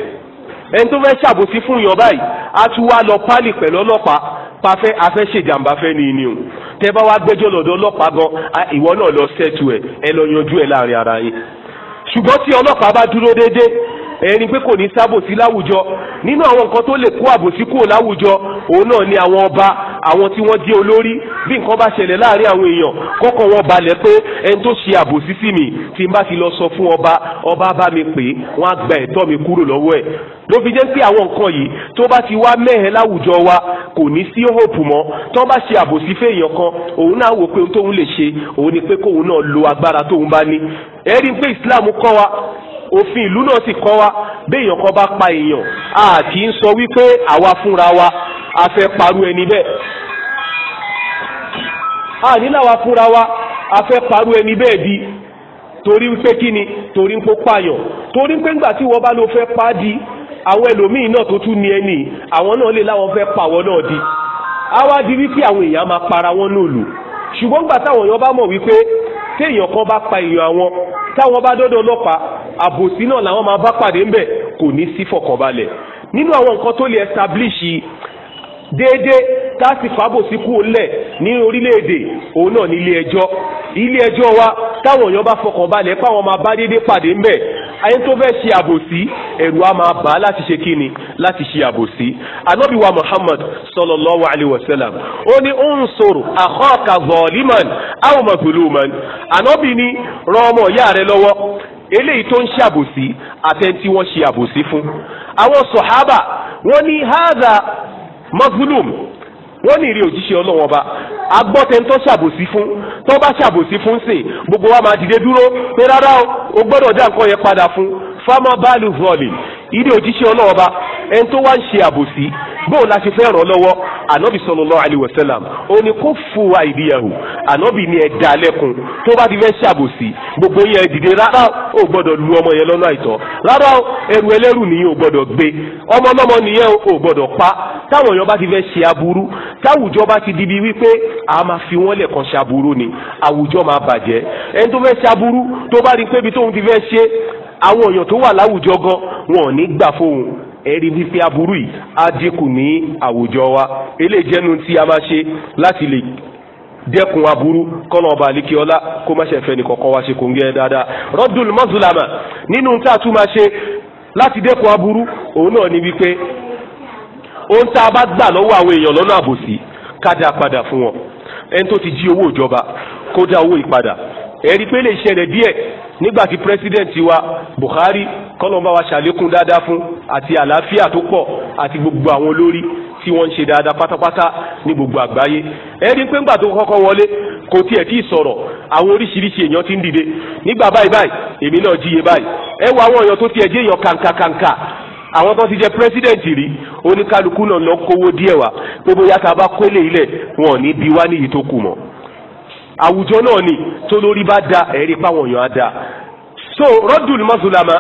Speaker 1: ẹni tó fẹ́ ṣàbòsí fún yàn báyìí a tún wá lọ pálì pẹ̀lú ọlọ́pàá pàfẹ́ afẹ́ ṣèjàmbá fẹ́ ni ni o tẹ́ bá wá gbẹ́jọ́ lọ́dọ̀ ọlọ́pàá gan ìwọ náà lọ sẹ́tù ẹ̀ ẹ lọ yanjú ẹ̀ láàrin ara yín ṣùgbọ́n tí ọlọ́pàá bá dúró déédéé ẹni pé kò ní sábòsí láwùjọ nínú àwọn nǹkan tó lè kó àbòsí kúrò láwùjọ òun náà ni àwọn ọba àwọn tí wọ́n jẹ́ olórí bí nǹkan bá ṣẹlẹ̀ láàrin àwọn èèyàn kọ́kọ́ wọn balẹ̀ pé ẹni tó ṣe àbòsí sí mi tí n bá ti lọ sọ fún ọba ọba bá mi pè é wọ́n á gba ẹ̀tọ́ mi kúrò lọ́wọ́ ẹ̀ ló fi jẹ́ pé àwọn nǹkan yìí tó bá ti wá mẹ́hẹ̀ láwùjọ wa kò ní sí hope mọ́ tó bá ṣe àbòsí fèèyàn kan òun náà wò pé ohun tóun lè ṣe òun ni pé kóun náà lo agbára tóun bá ní ẹ̀rí pé Islam kọ́ wa òfin ìlú náà sì kọ́ wa béèyàn kan bá pa èèyàn a kì í sọ wípé àwa fúnra wa a fẹ́ parú ẹni bẹ́ẹ̀ a níláwa fúnra wa a fẹ́ parú ẹni bẹ́ẹ̀ bí torí pé kí ni torí pé pààyàn torí pé ńgbà tí wọ́n bá lọ fẹ́ pa á di àwọn ẹlòmíì náà tó tún ní ẹni àwọn náà lè láwọn fẹ́ pa àwọn náà di a wá di wípé àwọn èèyàn máa para wọn náà lù ṣùgbọ́n gbà táwọn èèyàn bá mọ̀ wípé téèyàn kan bá pa èèyàn àwọn táwọn bá dọ́dọ̀ ọlọ́pàá àbòsí náà làwọn máa bá pàdé ńbẹ̀ kò ní sí fọkànbalẹ̀ nínú àwọn nǹkan tó lè establish déédé táàsì fàbòsí kú lẹ̀ ní orílẹ̀-èdè òun náà nílé ẹjọ́ ilé ẹjọ́ wa táwọn èèyàn bá fọkànbalẹ̀ páwọn máa bá déédé pàdé ńbẹ̀ ayé tó fẹ́ ṣe àbòsí ẹ̀rù a máa bà láti ṣe kíni láti ṣe àbòsí anábì muhammad sallallahu alayhi wa sallam ó ní unsur akhaka zaliman aw mazluman anábì ní ràn ọmọ ìyá rẹ lọ́wọ́ eléyìí tó ń ṣe àbòsí àtẹn tí wọ́n ṣe àbòsí fún àwọn sọ̀hábà wọ́n ní haza mazlum wọ́n ní ìrè òjíṣẹ́ ọlọ́wọ́n ọba agbọ́tẹn tó ṣàbòsí fún tó bá ṣàbòsí fún ṣe gbogbo wa máa dìde dúró pé rárá o gbọ́dọ̀ dá nǹkan yẹn padà fún fama balu zọlì ìdí òjíṣẹ́ ọlọ́wọ́ bá ẹni tó wá ń ṣe àbòsí bóun la ṣe fẹ́ ràn lọ́wọ́ ànábì sallallahu alaihi wasallam ó ní kó fu àìdíyàwó ànábì ní ẹ dá lẹ́kun tó bá ti fẹ́ ṣàbòsí gbogbo yẹn dìde rárá ò gbọ́dọ̀ lu ọmọ yẹn lọ́nà àìtọ́ rárá ẹrù ẹlẹ́rù nìyẹn ò gbọ́dọ̀ gbé ọmọ ọlọ́mọ nìyẹn ò gbọ́dọ̀ pa táwọn èèyàn bá ti fẹ́ ṣe aburú táwùjọ bá ti di bi wípé a máa fi wọ́n lẹ̀kan ṣaburú ni àwùjọ máa bàjẹ́ ẹni tó fẹ́ ṣaburú tó bá rí pé ibi tóun ti fẹ́ ṣe àwọn èèyàn tó wà láwùjọ gan wọn ò ní gbà fóun ẹ̀rí fífi aburú yìí á dínkù ní àwùjọ wa eléyìí jẹ́nu tí a máa ṣe láti lè dẹ́kun aburú kọ́nà ọba àlekíọ́lá kó má ṣe fẹ́ ní kọ̀ọ̀kan wá ṣe kò ń gẹ́ dáadáa rọ́dùn mọ́sùlámà nínú tá a tún máa ṣe láti dẹ́kun aburú òun náà ni wípé ohun tá a bá gbà lọ́wọ́ àwọn èèyàn lọ́nà àbòsí ká dá padà fún wọn ẹni tó ti jí owó ìjọba kó dá owó ìpadà ẹ̀rí pé lè ṣẹlẹ̀ díẹ̀ nígbà tí president wa Buhari kọ́lọ́mbà wa ṣàlékún dáadáa fún àti àlàáfíà tó pọ̀ àti gbogbo àwọn olórí tí wọ́n ń ṣe dáadáa pátápátá ní gbogbo àgbáyé ẹ̀rí pé ńgbà tó kọ́kọ́ wọlé kò tiẹ̀ tí ì sọ̀rọ̀ àwọn oríṣiríṣi èèyàn ti ń dìde nígbà báyìí báyìí èmi náà jíye báyìí ẹ wọ àwọn èèyàn tó tiẹ̀ jẹ́ èèyàn kàǹkàkàǹkà àwọn tó ti jẹ president rí oníkálukú náà lọ kówó díẹ̀ wá pé bóyá tá a bá kó lè ilẹ̀ wọn ní bí wá níyì tó kù mọ́ àwùjọ náà ni tó lórí bá da ẹ̀rí páwọn èèyàn á da so rọ́dùn mọ́sùlámà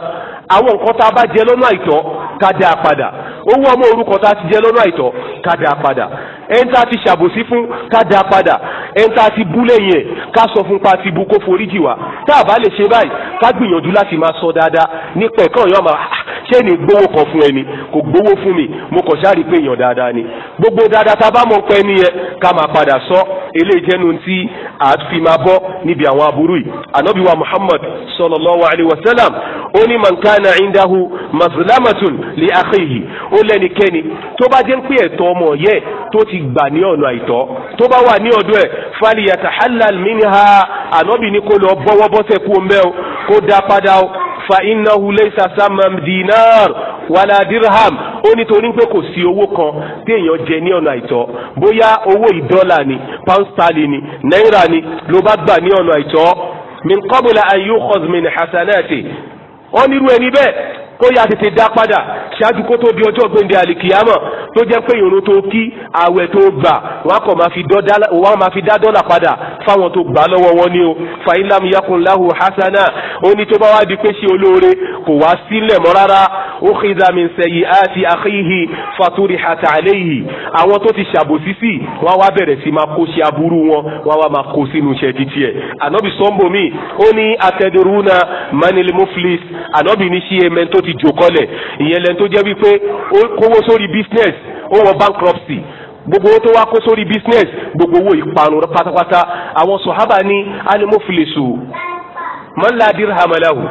Speaker 1: àwọn nǹkan tá a bá jẹ lọ́nà àìtọ́ ká dáa padà owó ọmọ orúkọ tá a ti jẹ lọ́nà àìtọ́ ká dáa padà ẹni tá a ti ṣàbòsí fún ká dáa padà ẹni tá a ti bú lẹ́yìn ẹ̀ ká sọ fún pa ti bu kó foríjì wá tá a bá lè ṣe báyìí ká gbìyànjú láti máa sọ dáadáa nípa ẹ̀kọ́ yóò máa ṣé ni gbowó kan fún ẹni kò gbowó fún mi mo kàn ṣáà rí pé èèyàn dáadáa ni gbogbo dáadáa tá a bá mọ̀ pé nìyẹn ká máa padà sọ eléyìí jẹ́nu tí a fi máa bọ́ níbi àwọn aburú yìí anabi muhammad sallallahu alayhi wa sallam ó ní man indahu mazlamatun li akhihi ó lẹ́nikẹ́ni tó bá jẹ́ pé ẹ̀tọ́ ọmọ yẹ tó ti gbà ní ọ̀nà àìtọ́ tó bá wà ní ọ̀dọ̀ ẹ̀ faliyatahallal minha anabi ni kó lọ bọ́wọ́ bọ́sẹ̀ kú o mbẹ́ o kó dá padà o fa innahu laysa samam dinar wala dirham ó nítorí pé kò sí owó kan téèyàn jẹ ní ọ̀nà àìtọ́ bóyá owó ìdọ́là ni pound sterling ni náírà ni ló bá gbà ní ọ̀nà àìtọ́ min qabla an yukhaz min hasanati ó nírú ẹni bẹ́ẹ̀ kó yá tètè dá padà ṣáájú kó tó di ọjọ́ gbòǹde àlìkìyàmọ̀ tó jẹ́ pé ìrun tó kí ààwẹ̀ tó gbà wọ́n kọ̀ máa fi dá dọ́là padà fáwọn tó gbà lọ́wọ́ wọn ni o fàyílàmù yakunláhu hasana ó ní tó bá wá di pé ṣe olóore kò wá sílẹ̀ mọ́ rárá ó kí ìdàmì sẹ́yìn àti àkíyìí faturi hata àléyìí àwọn tó ti ṣàbòsí sí wọ́n wá bẹ̀rẹ̀ sí máa kó ṣe aburú wọn wọ́n wá máa kó sínú iṣẹ́ títí ẹ̀ ànábì sọ́ńbọ̀mí ó ní atẹ́dọ̀rúnà t ti jò kọ́lẹ̀ ìyẹn lẹ́nu tó jẹ́ wípé ó kówó sórí business ó wọ bankruptcy gbogbo owó tó wá kó sórí business gbogbo owó ìparun pátápátá àwọn sọ̀hábà ní alimofilisu mọ́nlá dirham lahu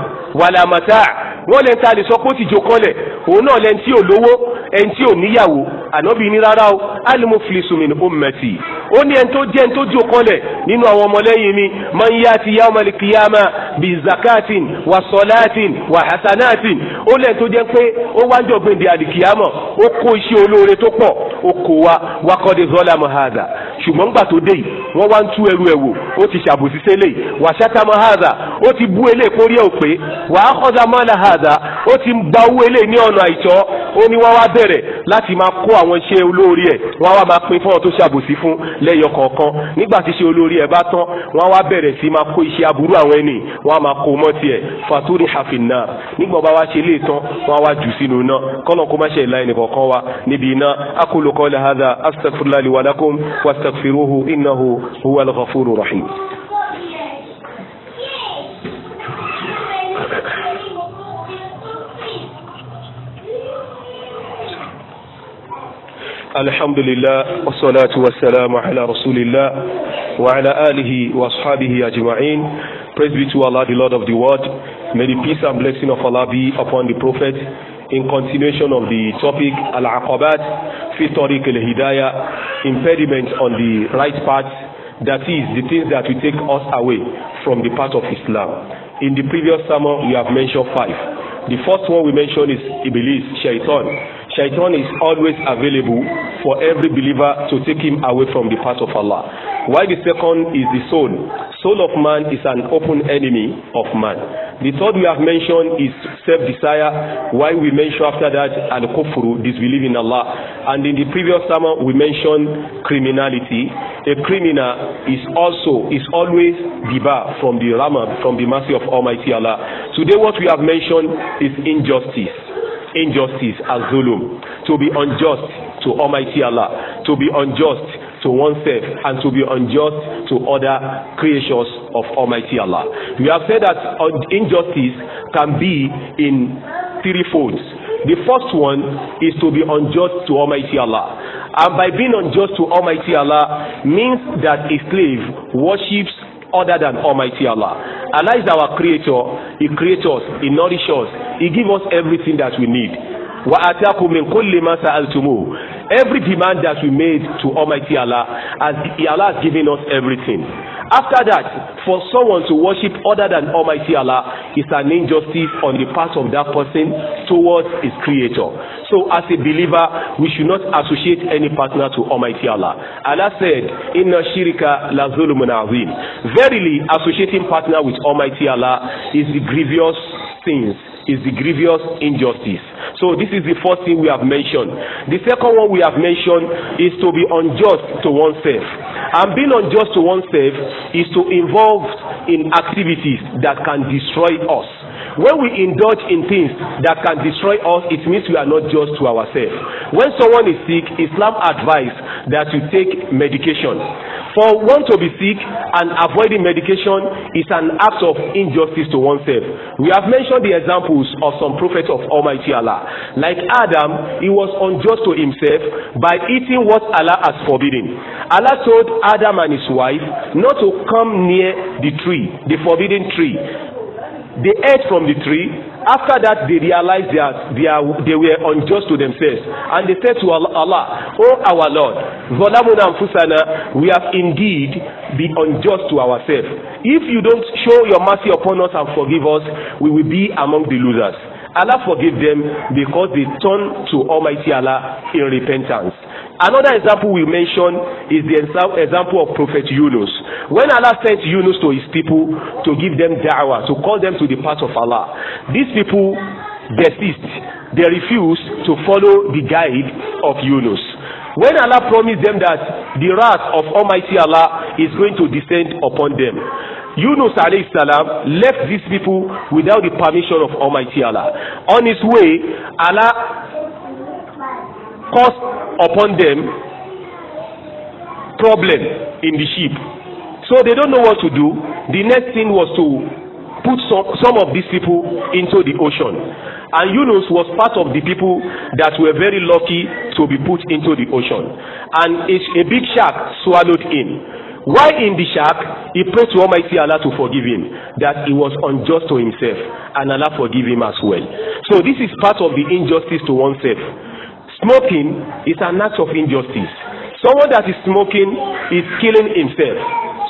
Speaker 1: wàlà mata wọ́n lẹ́nu tá a lè sọ pé ó ti jò kọ́lẹ̀ òun náà lẹ́nu tí ò lówó ẹni tí ò níyàwó ànábì ní rárá o alimofilisu min ummati ó ní ẹni tó jẹ́ ẹni tó jò kanlẹ̀ nínú àwọn ọmọlẹ́yìn mi máa ń yá ti yá ọmọ kìyàmà bíi zakatin wà sọláàtin wà hasanatin ó lẹ́yìn tó jẹ́ pé ó wá ń jọ gbèǹde àdìkìyàmọ̀ ó kó iṣẹ́ olóore tó pọ̀ ó kó wa wákọ́dé zọ́lá mọ́ ṣùgbọ́n gbà tó dé yìí wọ́n wá ń tú ẹrù ẹ̀ wò ó ti ṣàbòsí sẹ́lẹ̀ wà ṣàtàmọ́ hàdà ó ti bú eléyìí kórí ẹ̀ ò pé wà á kọ́dà mọ́lá hàdà ó ti ń gba owó eléyìí ní ọ̀nà àìtọ́ ó ní wọ́n wá bẹ̀rẹ̀ láti máa kó àwọn iṣẹ́ olórí ẹ̀ wọ́n wá máa pín fún ọ tó ṣàbòsí fún lẹ́yọ kọ̀ọ̀kan nígbà tí iṣẹ́ olórí ẹ̀ bá tán wọ́n wá bẹ̀rẹ̀ sí máa kó iṣẹ́ aburú àwọn ẹni wọ́n máa kó mọ́ tiẹ̀ faturi hafinna nígbà bá wá ṣe lè tán wọ́n wá jù sínú iná kọ́lọ̀ kó má ṣe ìlànà ìkọ̀ọ̀kan wa níbi iná akólókọ́ lẹ́hàdà astagfirullahi walakum wàst واستغفروه إنه هو الغفور الرحيم الحمد لله والصلاة والسلام على رسول الله وعلى آله وأصحابه أجمعين Praise be to Allah, the Lord of the world. May the peace and blessing of Allah be upon the Prophet in continuation of the topic Al-Aqabat fi Tariq al-Hidayah, impediments on the right path, that is the things that will take us away from the path of Islam. In the previous sermon, we have mentioned five. The first one we mention is Iblis, Shaitan. Shaitan is always available for every believer to take him away from the path of Allah. Why the second is the soul. Soul of man is an open enemy of man. The third we have mentioned is self-desire. Why we mention after that al-kufru, disbelief in Allah. And in the previous sermon we mentioned criminality. A criminal is also is always debarred from the rahmah, from the mercy of Almighty Allah. Today what we have mentioned is injustice injustice as zulum to be unjust to Almighty Allah, to be unjust to oneself and to be unjust to other creatures of Almighty Allah. We have said that injustice can be in three folds. The first one is to be unjust to Almighty Allah. And by being unjust to Almighty Allah means that a slave worships other than Almighty Allah. Allah is our creator. He creates us. He nourishes us. He gives us everything that we need wa atakum min kulli ma sa'altumu every demand that we made to Almighty Allah as Allah has given us everything after that for someone to worship other than Almighty Allah is an injustice on the part of that person towards his creator so as a believer we should not associate any partner to Almighty Allah Allah said inna shirika la zulmun azim verily associating partner with Almighty Allah is the grievous sins is the grievous injustice. So this is the first thing we have mentioned. The second one we have mentioned is to be unjust to oneself. And being unjust to oneself is to involve in activities that can destroy us. When we indulge in things that can destroy us, it means we are not just to ourselves. When someone is sick, Islam advises that you take medication. For one to be sick and avoiding medication is an act of injustice to oneself. We have mentioned the examples of some prophets of Almighty Allah. Like Adam, he was unjust to himself by eating what Allah has forbidden. Allah told Adam and his wife not to come near the tree, the forbidden tree. They ate from the tree. After that, they realized that they, are, they were unjust to themselves. And they said to Allah, O oh our Lord, and Anfusana, we have indeed been unjust to ourselves. If you don't show your mercy upon us and forgive us, we will be among the losers. Allah forgive them because they turned to Almighty Allah in repentance. Another example we mention is the example of Prophet Yunus. When Allah sent Yunus to his people to give them da'wah, to call them to the path of Allah, these people desist. They refuse to follow the guide of Yunus. When Allah promised them that the wrath of Almighty Allah is going to descend upon them, Yunus alayhi left these people without the permission of Almighty Allah. On his way, Allah caused upon them problem in the sheep so they don't know what to do the next thing was to put some some of these people into the ocean and Yunus was part of the people that were very lucky to be put into the ocean and a, a big shark swallowed him while in the shark he prayed to Almighty Allah to forgive him that he was unjust to himself and Allah forgive him as well so this is part of the injustice to oneself Smoking is an act of injustice. Someone that is smoking is killing himself.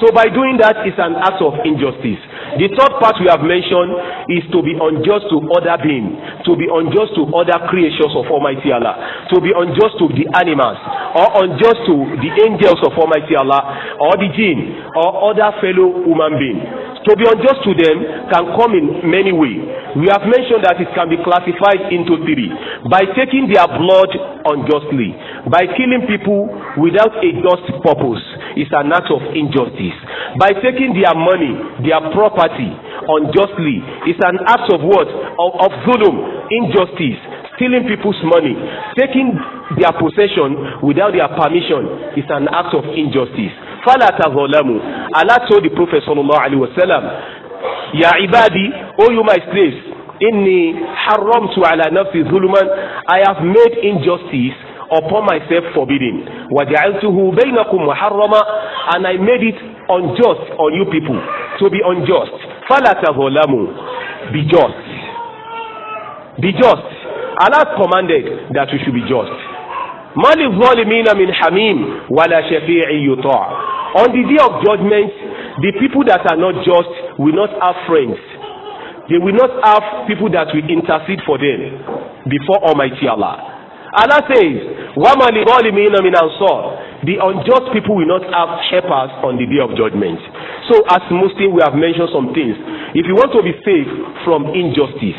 Speaker 1: So by doing that, it's an act of injustice. The third part we have mentioned is to be unjust to other beings, to be unjust to other creations of Almighty Allah, to be unjust to the animals, or unjust to the angels of Almighty Allah, or the jinn, or other fellow human beings. To be unjust to them can come in many ways. We have mentioned that it can be classified into three by taking their blood unjustly By killing people without a just purpose is an act of injustice. By taking their money, their property unjustly is an act of what? Of, of zulum, injustice. Stealing people's money, taking their possession without their permission is an act of injustice. Fala tazolamu. Allah told the Prophet sallallahu alaihi wasallam, Ya ibadi, O you my slaves, inni haramtu ala nafsi zuluman. I have made injustice upon myself forbidden waja'altuhu bainakum muharrama and I made it unjust on you people to be unjust fala tazalamu be just be just Allah commanded that we should be just mali zalimina min hamim wala shafi'i yuta' on the day of judgment the people that are not just will not have friends they will not have people that will intercede for them before Almighty Allah Allah says, وَمَا لِظَالِمِينَ مِنْ أَنصَارٍ The unjust people will not have helpers on the day of judgment. So as Muslims, we have mentioned some things. If you want to be safe from injustice,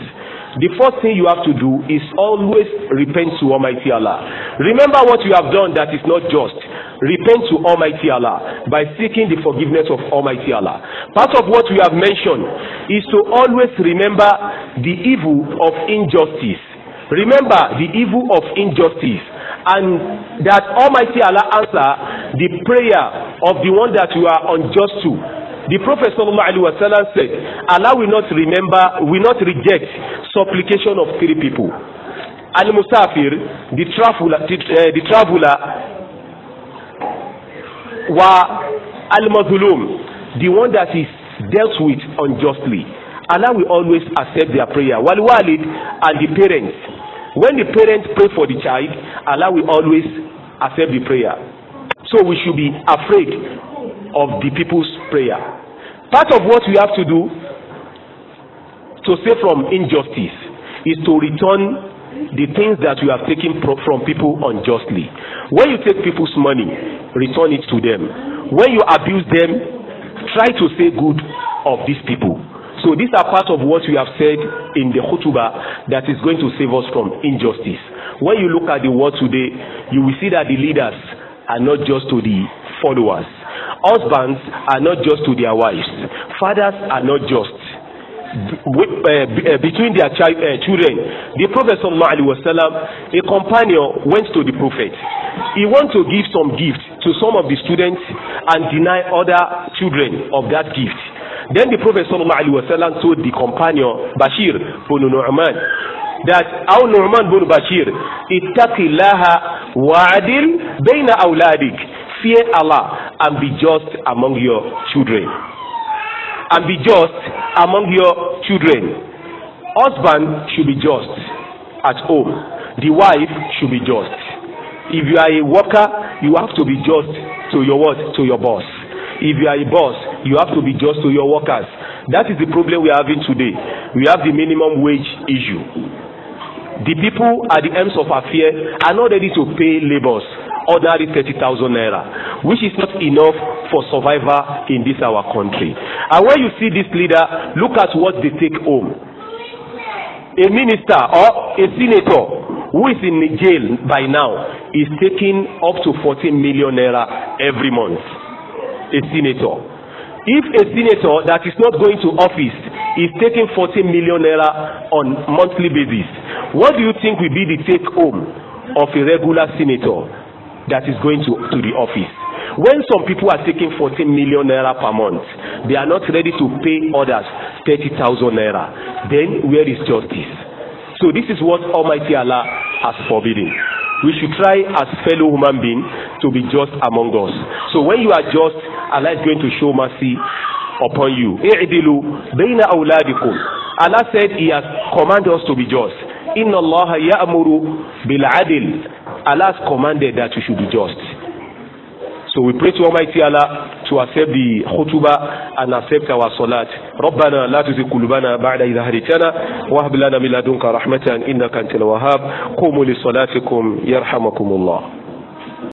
Speaker 1: the first thing you have to do is always repent to Almighty Allah. Remember what you have done that is not just. Repent to Almighty Allah by seeking the forgiveness of Almighty Allah. Part of what we have mentioned is to always remember the evil of injustice Remember the evil of injustice and that Almighty Allah answer the prayer of the one that you are unjust to. The Prophet sallallahu alaihi wasallam said, Allah will not remember, will not reject supplication of three people. Al-Musafir, the traveler, the, uh, the traveler, wa Al-Mazlum, the one that is dealt with unjustly. Allah will always accept their prayer. Wal Walid and the parents when the parents pray for the child Allah will always accept the prayer so we should be afraid of the people's prayer part of what we have to do to save from injustice is to return the things that you have taken from people unjustly. When you take people's money, return it to them. When you abuse them, try to say good of these people. So these are part of what we have said in the khutbah that is going to save us from injustice. When you look at the world today, you will see that the leaders are not just to the followers. Husbands are not just to their wives. Fathers are not just. With, uh, uh, between their chi uh, children the prophet sallallahu alaihi wasallam a companion went to the prophet he wanted to give some gift to some of the students and deny other children of that gift Then the Prophet sallallahu alaihi wasallam told the companion Bashir bin Nu'man that aw Nu'man bin Bashir ittaqillaha wa'adil bayna awladik fear Allah and be just among your children and be just among your children husband should be just at home the wife should be just if you are a worker you have to be just to your what to your boss if you are a boss you have to be just to your workers that is the problem we are having today we have the minimum wage issue the people at the ends of affair are not ready to pay labourers ordinary thirty thousand naira which is not enough for survival in this our country and when you see this leader look at what they take home a minister or a senator who is in jail by now is taking up to fourteen million naira every month a senator If a senator that is not going to office is taking 14 million naira on monthly basis, what do you think will be the take home of a regular senator that is going to, to the office? When some people are taking 14 million naira per month, they are not ready to pay others thousand naira. Then where is justice? So this is what Almighty Allah has forbidden we should try as fellow human beings to be just among us. So when you are just, Allah is going to show mercy upon you. I'dilu bayna awladikum. Allah said He has commanded us to be just. Inna Allah ya'muru bil adil. Allah has commanded that we should be just. So we pray to Almighty Allah to accept the khutbah and accept our salat. ربنا لا تزغ قلوبنا بعد إذ هديتنا وهب لنا من لدنك رحمة إنك أنت الوهاب قوموا لصلاتكم يرحمكم الله